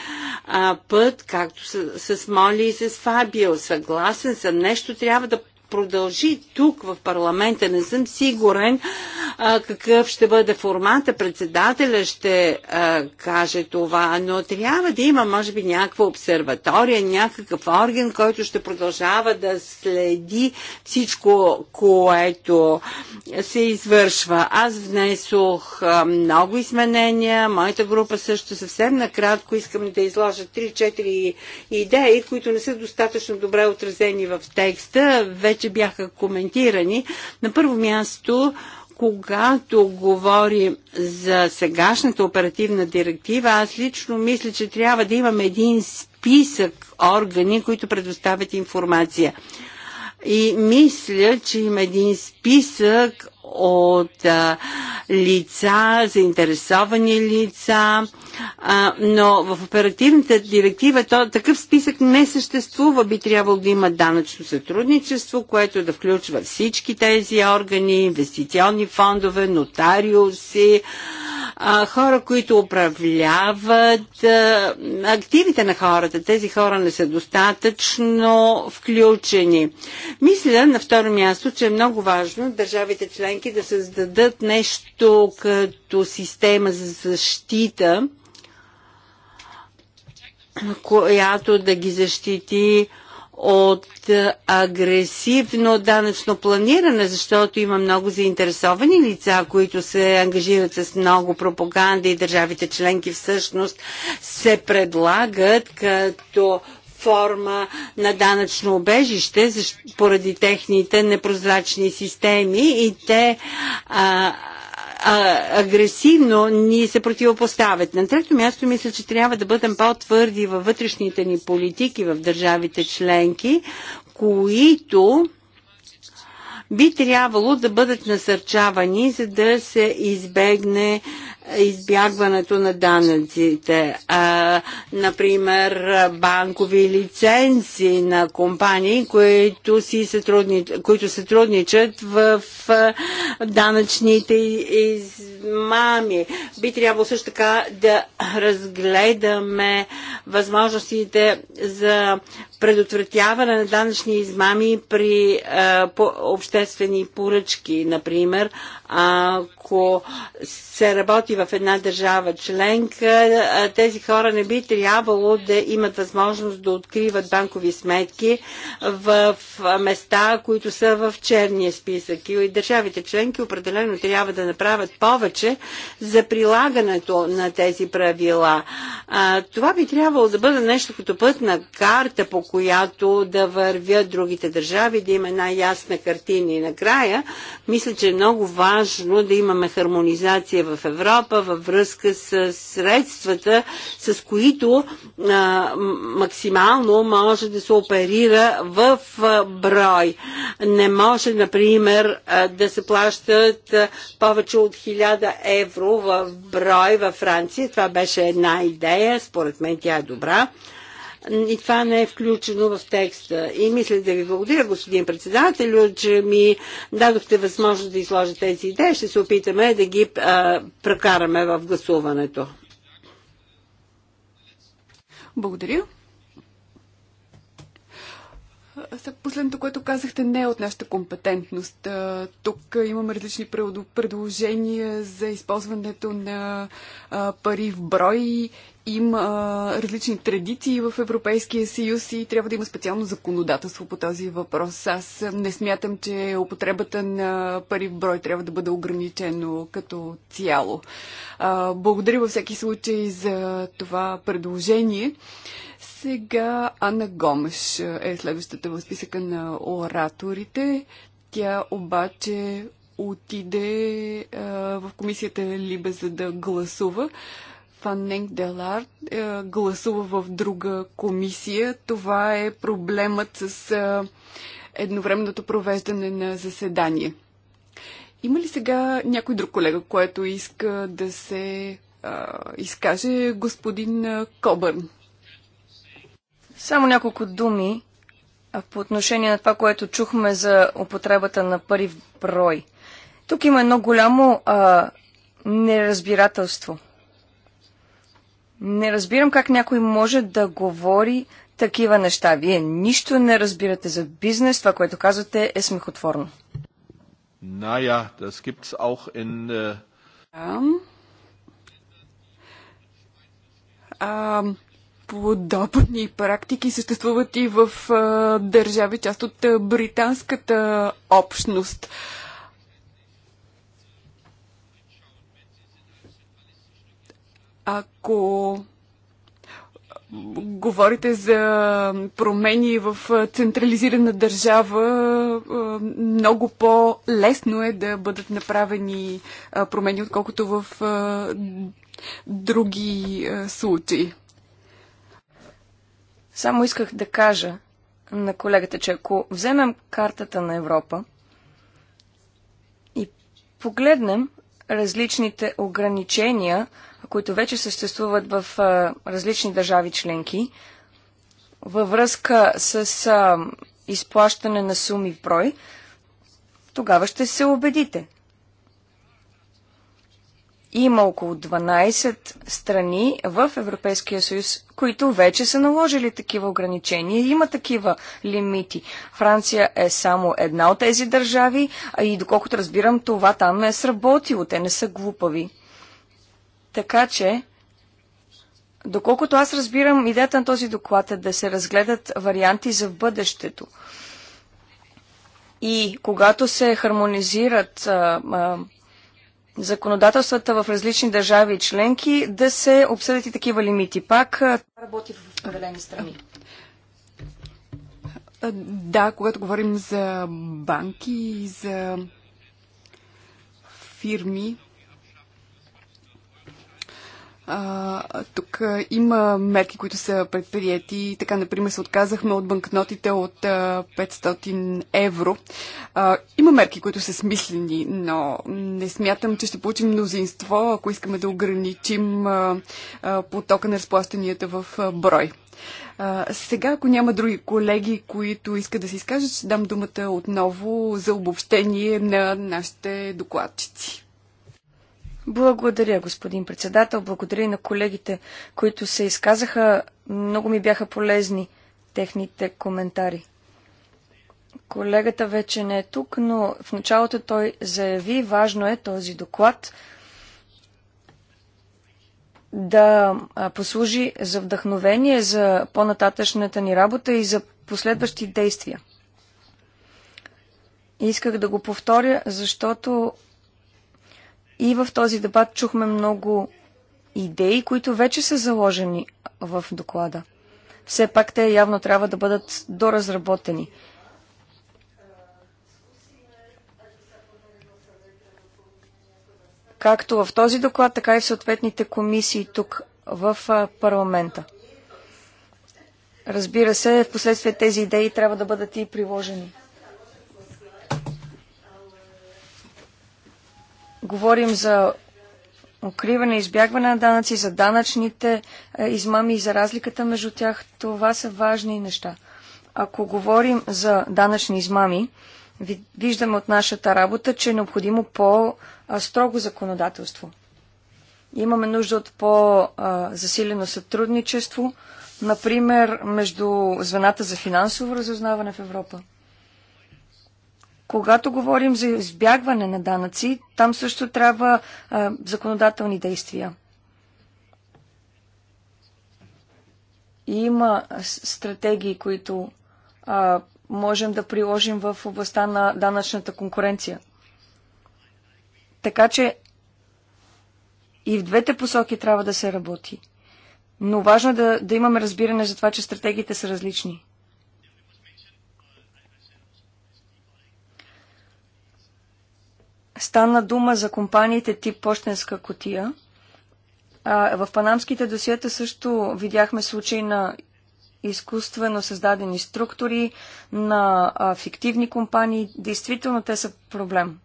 а, път, както с, с Моли и с Фабио. Съгласен съм, нещо трябва да продължи тук в парламента. Не съм сигурен а, какъв ще бъде формата. Председателя ще а, каже това, но трябва да има, може би, някаква обсерватория, някакъв орган, който ще продължава да следи всичко, което се извършва. Аз внесох а, много изменения, моята група също съвсем накратко искам да изложа 3-4 идеи, които не са достатъчно добре отразени в текста. Вече вече бяха коментирани. На първо място когато говорим за сегашната оперативна директива, аз лично мисля, че трябва да имаме един списък органи, които предоставят информация. И мисля, че има един списък от а, лица, заинтересовани лица, а, но в оперативната директива то, такъв списък не съществува. Би трябвало да има данъчно сътрудничество, което да включва всички тези органи, инвестиционни фондове, нотариуси, а, а, хора, които управляват а, активите на хората. Тези хора не са достатъчно включени. Мисля на второ място, че е много важно държавите членки да създадат нещо като система за защита, която да ги защити от е, агресивно данъчно планиране, защото има много заинтересовани лица, които се ангажират с много пропаганда и държавите членки всъщност се предлагат като форма на данъчно обежище поради техните непрозрачни системи и те а, а, агресивно ни се противопоставят. На трето място мисля, че трябва да бъдем по-твърди във вътрешните ни политики в държавите членки, които би трябвало да бъдат насърчавани, за да се избегне избягването на данъците. А, например, банкови лицензи на компании, които, си сътрудни, които сътрудничат в данъчните измами. Би трябвало също така да разгледаме възможностите за предотвратяване на данъчни измами при а, по обществени поръчки, например, а, ако се работи в една държава членка, тези хора не би трябвало да имат възможност да откриват банкови сметки в места, които са в черния списък. И държавите членки определено трябва да направят повече за прилагането на тези правила. Това би трябвало да бъде нещо като пътна карта, по която да вървят другите държави, да има една ясна картина. И накрая, мисля, че е много важно да имаме имаме хармонизация в Европа във връзка с средствата, с които а, максимално може да се оперира в брой. Не може, например, да се плащат повече от 1000 евро в брой във Франция. Това беше една идея, според мен тя е добра. И това не е включено в текста. И мисля да ви благодаря, господин председател, че ми дадохте възможност да изложа тези идеи. Ще се опитаме да ги а, прекараме в гласуването. Благодаря. Последното, което казахте, не е от нашата компетентност. Тук имаме различни предложения за използването на пари в брой има различни традиции в Европейския съюз и трябва да има специално законодателство по този въпрос. Аз не смятам, че употребата на пари в брой трябва да бъде ограничено като цяло. Благодаря във всеки случай за това предложение. Сега Анна Гомеш е следващата в списъка на ораторите. Тя обаче отиде в комисията Либе за да гласува. Ван Ненг Делар е, гласува в друга комисия. Това е проблемът с е, едновременното провеждане на заседание. Има ли сега някой друг колега, който иска да се а, е, изкаже господин Кобърн? Само няколко думи по отношение на това, което чухме за употребата на пари в брой. Тук има едно голямо а, неразбирателство – не разбирам как някой може да говори такива неща. Вие нищо не разбирате за бизнес. Това, което казвате, е смехотворно. Naja, das gibt's auch in... Äh... подобни практики съществуват и в държави, част от британската общност. Ако говорите за промени в централизирана държава, много по-лесно е да бъдат направени промени, отколкото в други случаи. Само исках да кажа на колегата, че ако вземем картата на Европа и погледнем различните ограничения, които вече съществуват в различни държави членки, във връзка с изплащане на суми в брой, тогава ще се убедите. Има около 12 страни в Европейския съюз, които вече са наложили такива ограничения. Има такива лимити. Франция е само една от тези държави и доколкото разбирам, това там е сработило. Те не са глупави. Така че, доколкото аз разбирам, идеята на този доклад е да се разгледат варианти за бъдещето. И когато се хармонизират а, а, законодателствата в различни държави и членки, да се обсъдят и такива лимити. Пак работи в определени страни. Да, когато говорим за банки и за фирми, а, тук има мерки, които са предприяти. Така, например, се отказахме от банкнотите от 500 евро. А, има мерки, които са смислени, но не смятам, че ще получим мнозинство, ако искаме да ограничим а, а, потока на разплащанията в а, брой. А, сега, ако няма други колеги, които искат да се изкажат, ще дам думата отново за обобщение на нашите докладчици. Благодаря, господин председател. Благодаря и на колегите, които се изказаха. Много ми бяха полезни техните коментари. Колегата вече не е тук, но в началото той заяви, важно е този доклад да послужи за вдъхновение за по-нататъчната ни работа и за последващи действия. Исках да го повторя, защото и в този дебат чухме много идеи, които вече са заложени в доклада. Все пак те явно трябва да бъдат доразработени. Както в този доклад, така и в съответните комисии тук в парламента. Разбира се, в последствие тези идеи трябва да бъдат и приложени. говорим за укриване, избягване на данъци, за данъчните е, измами и за разликата между тях, това са важни неща. Ако говорим за данъчни измами, виждаме от нашата работа, че е необходимо по-строго законодателство. Имаме нужда от по-засилено сътрудничество, например, между звената за финансово разузнаване в Европа. Когато говорим за избягване на данъци, там също трябва а, законодателни действия. И има стратегии, които а, можем да приложим в областта на данъчната конкуренция. Така че и в двете посоки трябва да се работи. Но важно е да, да имаме разбиране за това, че стратегиите са различни. Стана дума за компаниите тип почтенска котия. А, в панамските досиета също видяхме случаи на изкуствено създадени структури, на а, фиктивни компании. Действително те са проблем.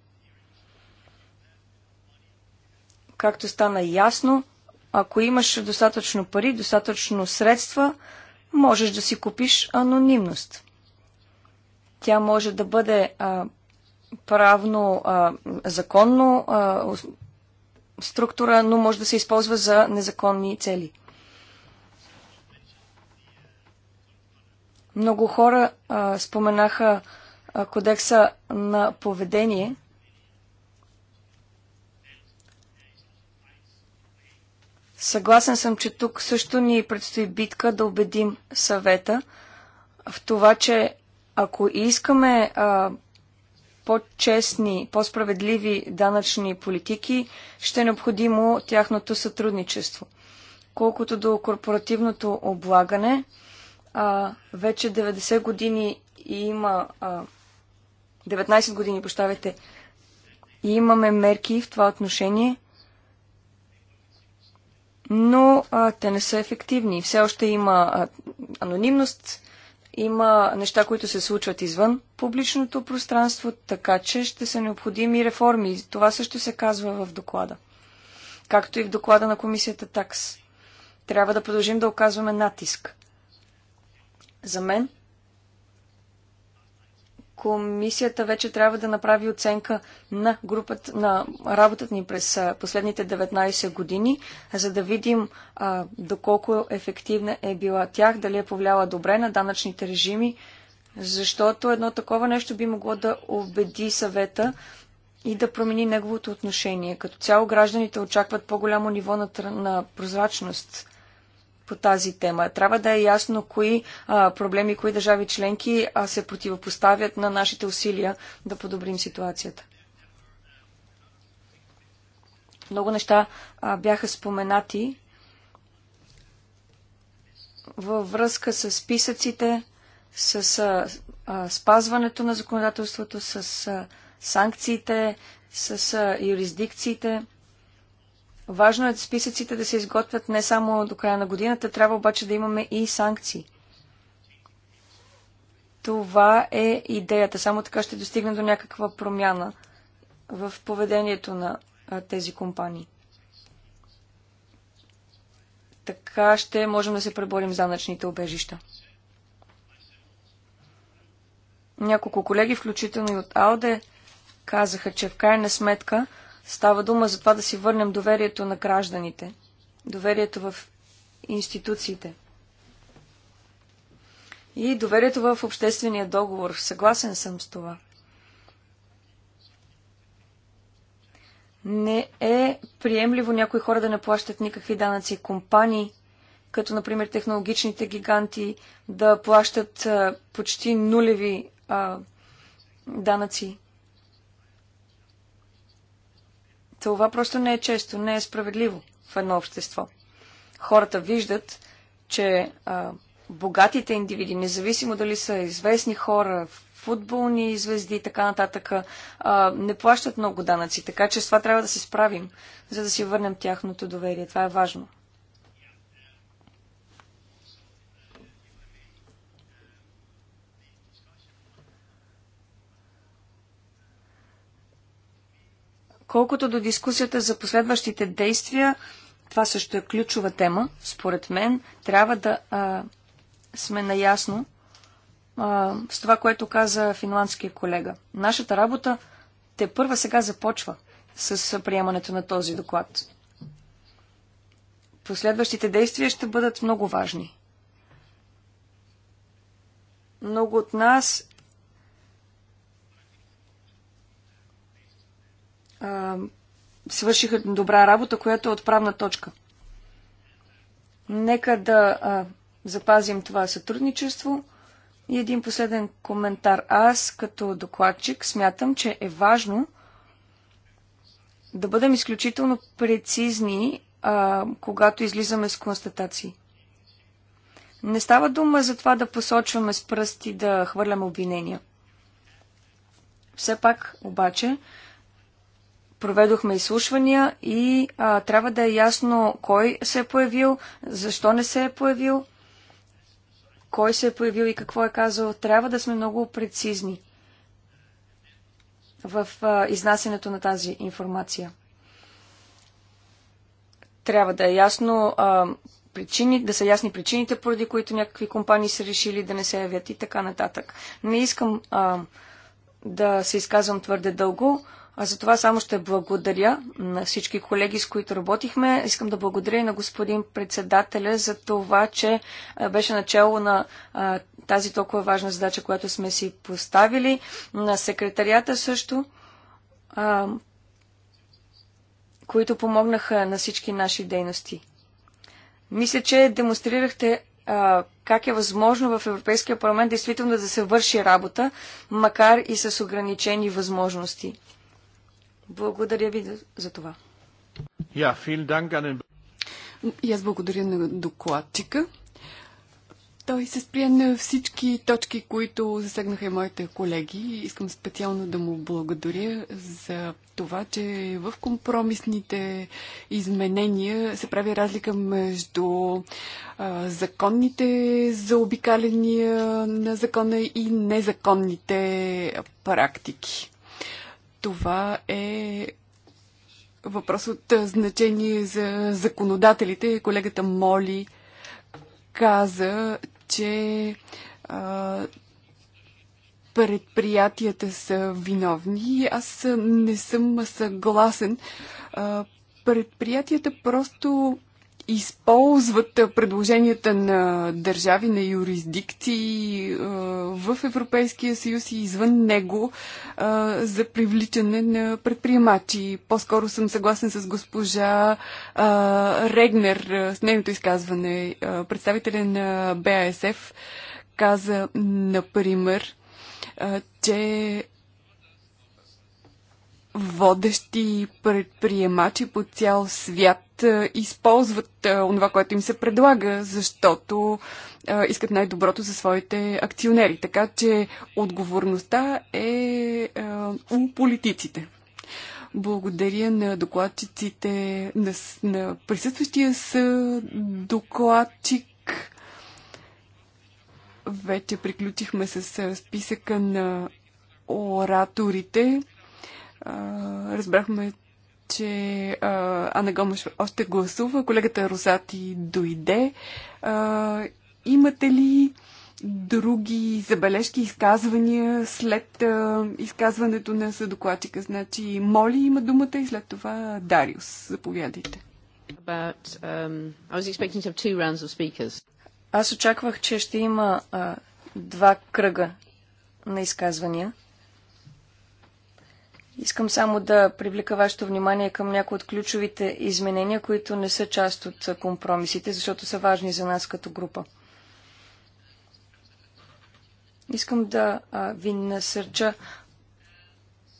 Както стана ясно, ако имаш достатъчно пари, достатъчно средства, можеш да си купиш анонимност. Тя може да бъде а, правно а, законно а, структура, но може да се използва за незаконни цели. Много хора а, споменаха а, кодекса на поведение. Съгласен съм, че тук също ни предстои битка да убедим съвета в това, че ако искаме а, по-честни, по-справедливи данъчни политики, ще е необходимо тяхното сътрудничество. Колкото до корпоративното облагане, а, вече 90 години има, а, 19 години, поставете, и имаме мерки в това отношение, но а, те не са ефективни. Все още има а, анонимност, има неща, които се случват извън публичното пространство, така че ще са необходими реформи. Това също се казва в доклада. Както и в доклада на комисията ТАКС. Трябва да продължим да оказваме натиск. За мен комисията вече трябва да направи оценка на, групата, на работата ни през последните 19 години, за да видим а, доколко ефективна е била тях, дали е повлияла добре на данъчните режими, защото едно такова нещо би могло да убеди съвета и да промени неговото отношение. Като цяло гражданите очакват по-голямо ниво на, на прозрачност по тази тема. Трябва да е ясно кои а, проблеми, кои държави членки а, се противопоставят на нашите усилия да подобрим ситуацията. Много неща а, бяха споменати във връзка с списъците, с а, а, спазването на законодателството, с а, санкциите, с а, юрисдикциите. Важно е списъците да се изготвят не само до края на годината, трябва обаче да имаме и санкции. Това е идеята. Само така ще достигне до някаква промяна в поведението на тези компании. Така ще можем да се преборим за данъчните обежища. Няколко колеги, включително и от АЛДЕ, казаха, че в крайна сметка – Става дума за това да си върнем доверието на гражданите, доверието в институциите. И доверието в обществения договор. Съгласен съм с това. Не е приемливо някои хора да не плащат никакви данъци. Компании, като например технологичните гиганти, да плащат а, почти нулеви а, данъци. Това просто не е често, не е справедливо в едно общество. Хората виждат, че а, богатите индивиди, независимо дали са известни хора, футболни звезди и така нататък, а, не плащат много данъци. Така че с това трябва да се справим, за да си върнем тяхното доверие. Това е важно. Колкото до дискусията за последващите действия, това също е ключова тема, според мен. Трябва да а, сме наясно а, с това, което каза финландския колега. Нашата работа те първа сега започва с приемането на този доклад. Последващите действия ще бъдат много важни. Много от нас свършиха добра работа, която е отправна точка. Нека да а, запазим това сътрудничество. И един последен коментар. Аз като докладчик смятам, че е важно да бъдем изключително прецизни, а, когато излизаме с констатации. Не става дума за това да посочваме с пръсти, да хвърляме обвинения. Все пак, обаче, проведохме изслушвания и а, трябва да е ясно кой се е появил, защо не се е появил, кой се е появил и какво е казал. Трябва да сме много прецизни в а, изнасянето на тази информация. Трябва да е ясно а, причини, да са ясни причините, поради които някакви компании са решили да не се явят и така нататък. Не искам а, да се изказвам твърде дълго. За това само ще благодаря на всички колеги, с които работихме. Искам да благодаря и на господин председателя за това, че беше начало на тази толкова важна задача, която сме си поставили. На секретарията също, които помогнаха на всички наши дейности. Мисля, че демонстрирахте как е възможно в Европейския парламент действително да се върши работа, макар и с ограничени възможности. Благодаря ви за това. Yeah, И аз благодаря на докладчика. Той се спря на всички точки, които засегнаха и моите колеги. Искам специално да му благодаря за това, че в компромисните изменения се прави разлика между а, законните заобикаления на закона и незаконните практики. Това е въпрос от значение за законодателите. Колегата Моли каза, че а, предприятията са виновни. Аз не съм съгласен. А, предприятията просто използват предложенията на държави, на юрисдикции в Европейския съюз и извън него за привличане на предприемачи. По-скоро съм съгласен с госпожа Регнер с нейното изказване. Представителя на БАСФ каза, например, че водещи предприемачи по цял свят използват това, което им се предлага, защото искат най-доброто за своите акционери. Така че отговорността е у политиците. Благодаря на докладчиците, на, на присъстващия с докладчик. Вече приключихме с списъка на ораторите. Разбрахме, че а, Ана Гомеш още гласува, колегата Росати дойде. А, имате ли други забележки, изказвания след а, изказването на съдокладчика? Значи Моли има думата и след това Дариус. Заповядайте. um, Аз очаквах, че ще има а, два кръга на изказвания. Искам само да привлека вашето внимание към някои от ключовите изменения, които не са част от компромисите, защото са важни за нас като група. Искам да а, ви насърча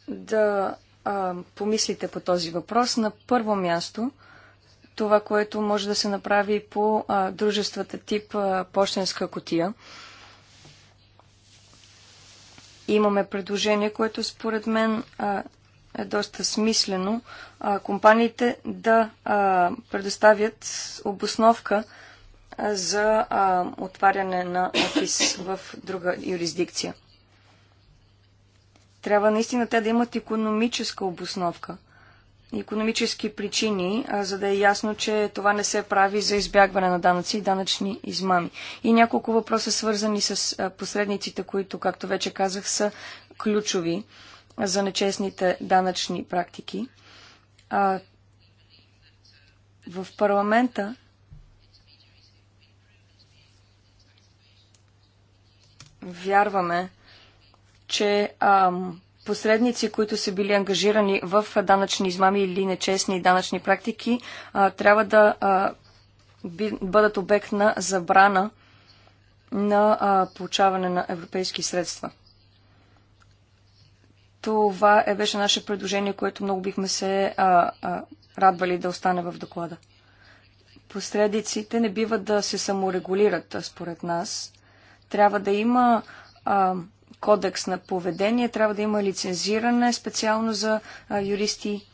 да а, помислите по този въпрос. На първо място, това, което може да се направи по а, дружествата тип а, почтенска котия. Имаме предложение, което според мен е доста смислено. Компаниите да предоставят обосновка за отваряне на офис в друга юрисдикция. Трябва наистина те да имат економическа обосновка економически причини, а, за да е ясно, че това не се прави за избягване на данъци и данъчни измами. И няколко въпроса свързани с а, посредниците, които, както вече казах, са ключови за нечестните данъчни практики. А, в парламента вярваме, че ам, посредници, които са били ангажирани в данъчни измами или нечестни данъчни практики, трябва да бъдат обект на забрана на получаване на европейски средства. Това е беше наше предложение, което много бихме се радвали да остане в доклада. Посредиците не бива да се саморегулират, според нас. Трябва да има кодекс на поведение, трябва да има лицензиране специално за а, юристи,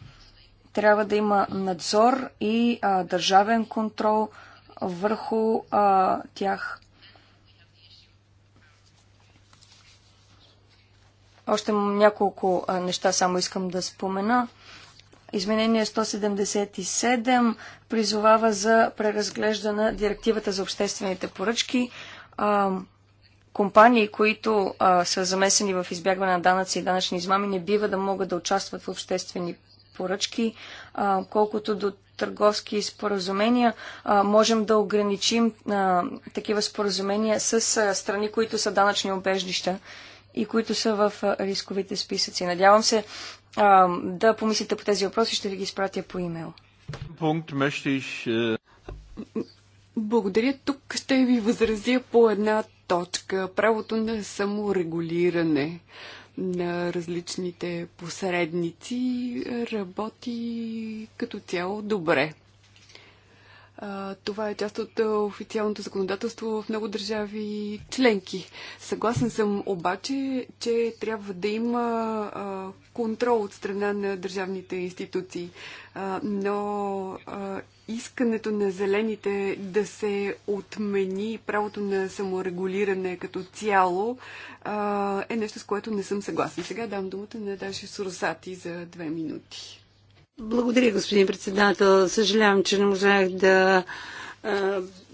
трябва да има надзор и а, държавен контрол върху а, тях. Още няколко а, неща само искам да спомена. Изменение 177 призовава за преразглеждане на директивата за обществените поръчки. А, компании, които а, са замесени в избягване на данъци и данъчни измами, не бива да могат да участват в обществени поръчки, а, колкото до търговски споразумения, а, можем да ограничим а, такива споразумения с а, страни, които са данъчни обеждища и които са в а, рисковите списъци. Надявам се а, да помислите по тези въпроси, ще ви ги изпратя по имейл. Пункт, мещиш... Е- Благодаря. Тук ще ви възразя по една точка. Правото на саморегулиране на различните посредници работи като цяло добре. Това е част от официалното законодателство в много държави членки. Съгласен съм обаче, че трябва да има контрол от страна на държавните институции, но искането на зелените да се отмени правото на саморегулиране като цяло а, е нещо, с което не съм съгласна. Сега дам думата на Даши Соросати за две минути. Благодаря, господин председател. Съжалявам, че не можах да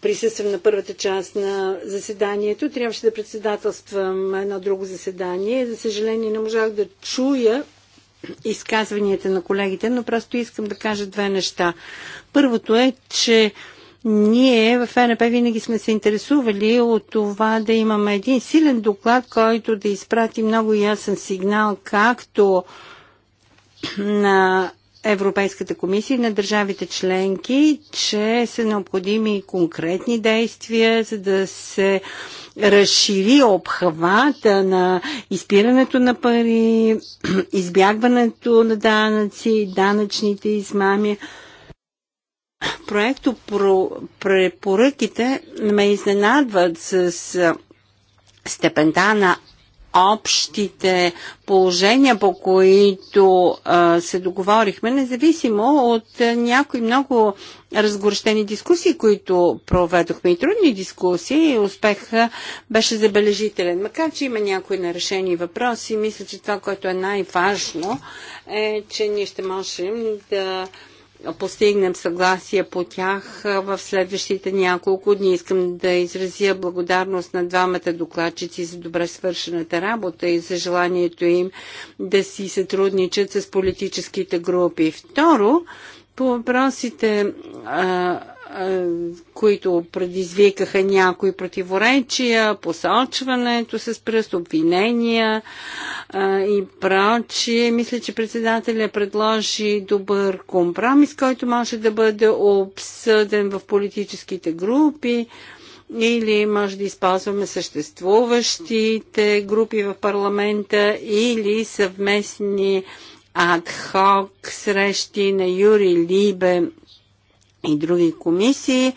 присъствам на първата част на заседанието. Трябваше да председателствам едно друго заседание. За съжаление не можах да чуя изказванията на колегите, но просто искам да кажа две неща. Първото е, че ние в ЕНП винаги сме се интересували от това да имаме един силен доклад, който да изпрати много ясен сигнал, както на Европейската комисия и на държавите членки, че са необходими конкретни действия, за да се разшири обхвата на изпирането на пари, избягването на данъци, данъчните измами. Проекто препоръките ме изненадват с степента на общите положения, по които а, се договорихме, независимо от а, някои много разгорещени дискусии, които проведохме и трудни дискусии, Успех а, беше забележителен. Макар, че има някои нарешени въпроси, мисля, че това, което е най-важно, е, че ние ще можем да постигнем съгласие по тях в следващите няколко дни. Искам да изразя благодарност на двамата докладчици за добре свършената работа и за желанието им да си сътрудничат с политическите групи. Второ, по въпросите които предизвикаха някои противоречия, посочването с пръст, обвинения и прочие. Мисля, че председателя предложи добър компромис, който може да бъде обсъден в политическите групи или може да използваме съществуващите групи в парламента или съвместни адхок срещи на Юри Либе и други комисии.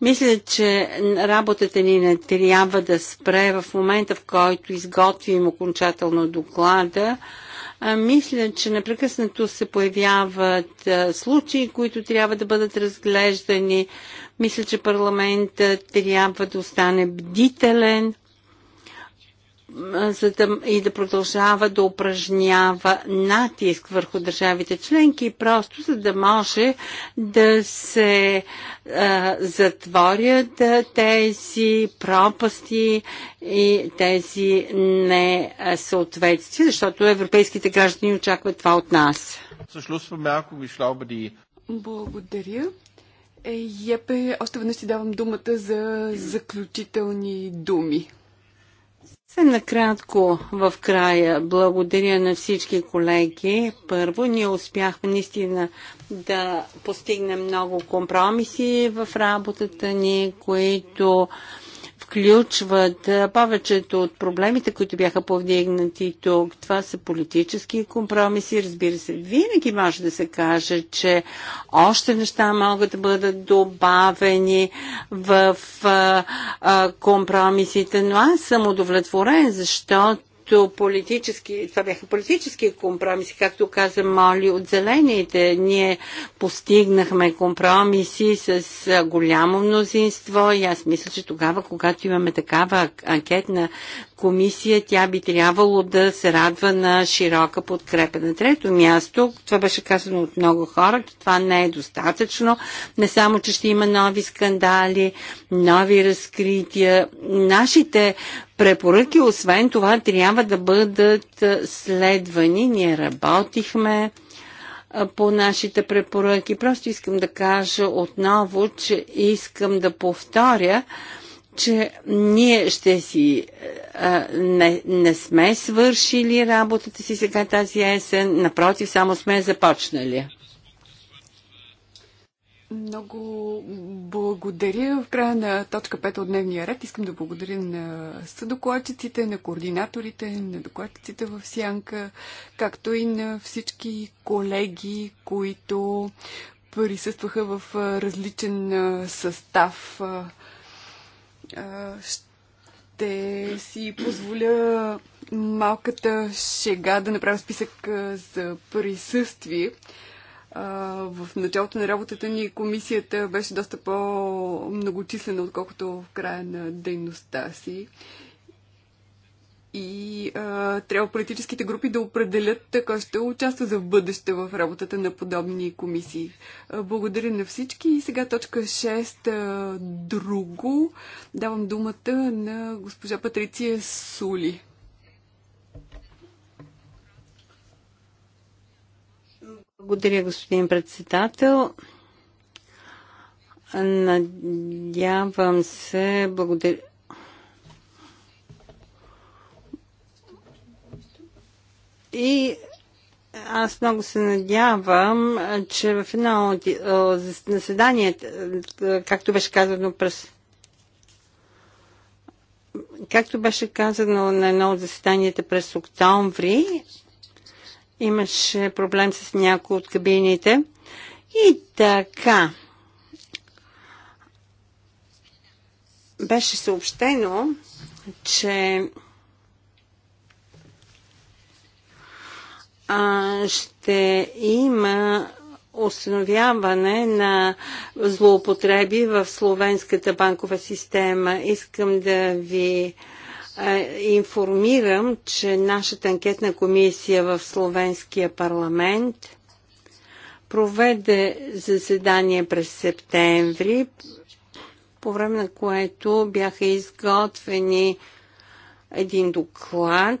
Мисля, че работата ни не трябва да спре в момента, в който изготвим окончателно доклада. Мисля, че непрекъснато се появяват случаи, които трябва да бъдат разглеждани. Мисля, че парламентът трябва да остане бдителен за да, и да продължава да упражнява натиск върху държавите членки, просто за да може да се а, затворят а, тези пропасти и тези несъответствия, защото европейските граждани очакват това от нас. Благодаря. Е, Епе, още веднъж си давам думата за заключителни думи. Съвсем накратко в края благодаря на всички колеги. Първо, ние успяхме наистина да постигнем много компромиси в работата ни, които включват повечето от проблемите, които бяха повдигнати тук. Това са политически компромиси. Разбира се, винаги може да се каже, че още неща могат да бъдат добавени в компромисите, но аз съм удовлетворен, защото като политически, това бяха политически компромиси, както каза Моли от зелените. Ние постигнахме компромиси с голямо мнозинство и аз мисля, че тогава, когато имаме такава анкетна комисия, тя би трябвало да се радва на широка подкрепа. На трето място, това беше казано от много хора, че това не е достатъчно. Не само, че ще има нови скандали, нови разкрития. Нашите препоръки, освен това, трябва да бъдат следвани. Ние работихме по нашите препоръки. Просто искам да кажа отново, че искам да повторя, че ние ще си а, не, не сме свършили работата си сега тази есен, напротив, само сме започнали. Много благодаря. В края на точка 5 от дневния ред искам да благодаря на съдокладчиците, на координаторите, на докладчиците в Сянка, както и на всички колеги, които присъстваха в различен състав. Ще си позволя малката шега да направя списък за присъствие в началото на работата ни комисията беше доста по-многочислена, отколкото в края на дейността си. И а, трябва политическите групи да определят кой ще участва за бъдеще в работата на подобни комисии. А, благодаря на всички. И сега точка 6. А, друго. Давам думата на госпожа Патриция Сули. Благодаря, господин председател. Надявам се, благодаря. И аз много се надявам, че в едно от е, заседанията, е, както беше казано през както беше казано на едно от заседанията през октомври, имаше проблем с някои от кабините. И така. Беше съобщено, че а, ще има установяване на злоупотреби в словенската банкова система. Искам да ви а, е, информирам, че нашата анкетна комисия в Словенския парламент проведе заседание през септември, по време на което бяха изготвени един доклад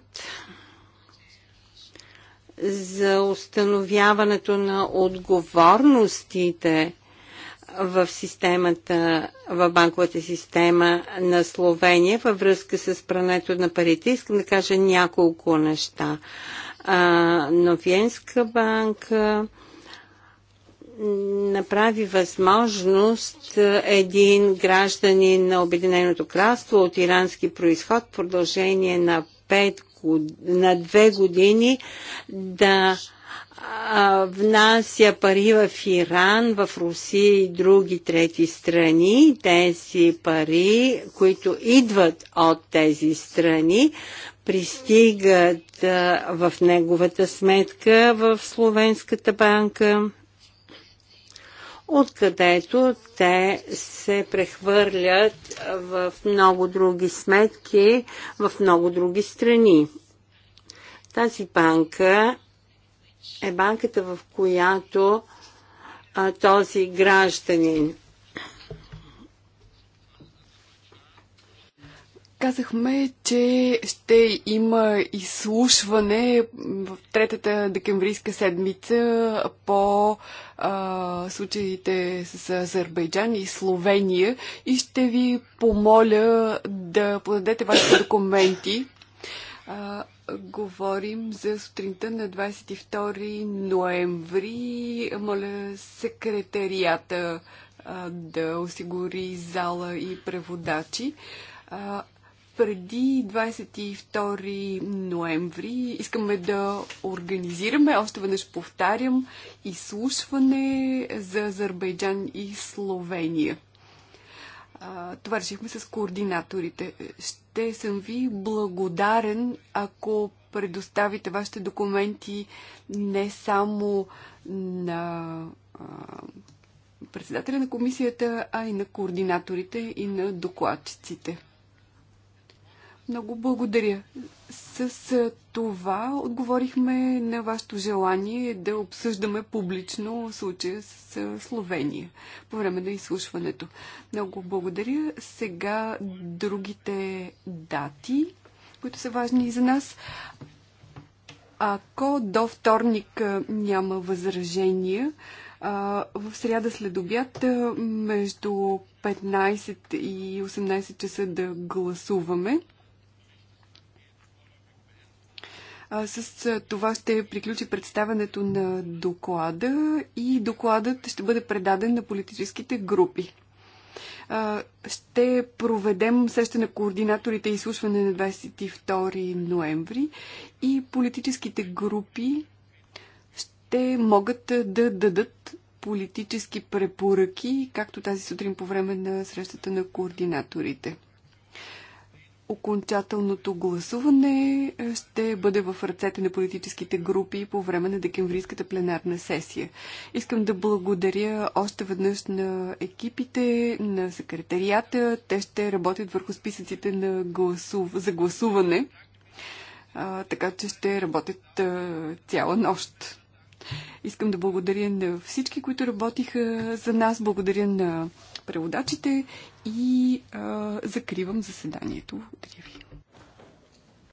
за установяването на отговорностите в системата, в банковата система на Словения във връзка с прането на парите. Искам да кажа няколко неща. А, Новиенска банка направи възможност един гражданин на Обединеното кралство от ирански происход в продължение на, 5 на две години да внася пари в Иран, в Русия и други трети страни. Тези пари, които идват от тези страни, пристигат в неговата сметка в Словенската банка, откъдето те се прехвърлят в много други сметки, в много други страни. Тази банка е банката, в която а, този гражданин. Казахме, че ще има изслушване в третата декемврийска седмица по а, случаите с Азербайджан и Словения и ще ви помоля да подадете вашите документи. А, говорим за сутринта на 22 ноември. Моля секретарията а, да осигури зала и преводачи. А, преди 22 ноември искаме да организираме, още веднъж повтарям, изслушване за Азербайджан и Словения това решихме с координаторите. Ще съм ви благодарен, ако предоставите вашите документи не само на а, председателя на комисията, а и на координаторите и на докладчиците. Много благодаря. С това отговорихме на вашето желание да обсъждаме публично случая с Словения по време на изслушването. Много благодаря. Сега другите дати, които са важни и за нас. Ако до вторник няма възражения, в сряда след обяд между 15 и 18 часа да гласуваме. С това ще приключи представането на доклада и докладът ще бъде предаден на политическите групи. Ще проведем среща на координаторите и изслушване на 22 ноември и политическите групи ще могат да дадат политически препоръки, както тази сутрин по време на срещата на координаторите. Окончателното гласуване е, ще бъде в ръцете на политическите групи по време на декемврийската пленарна сесия. Искам да благодаря още веднъж на екипите, на секретарията. Те ще работят върху списъците на гласув... за гласуване, а, така че ще работят а, цяла нощ. Искам да благодаря на всички, които работиха за нас. Благодаря на преводачите и а, закривам заседанието. Благодаря ви.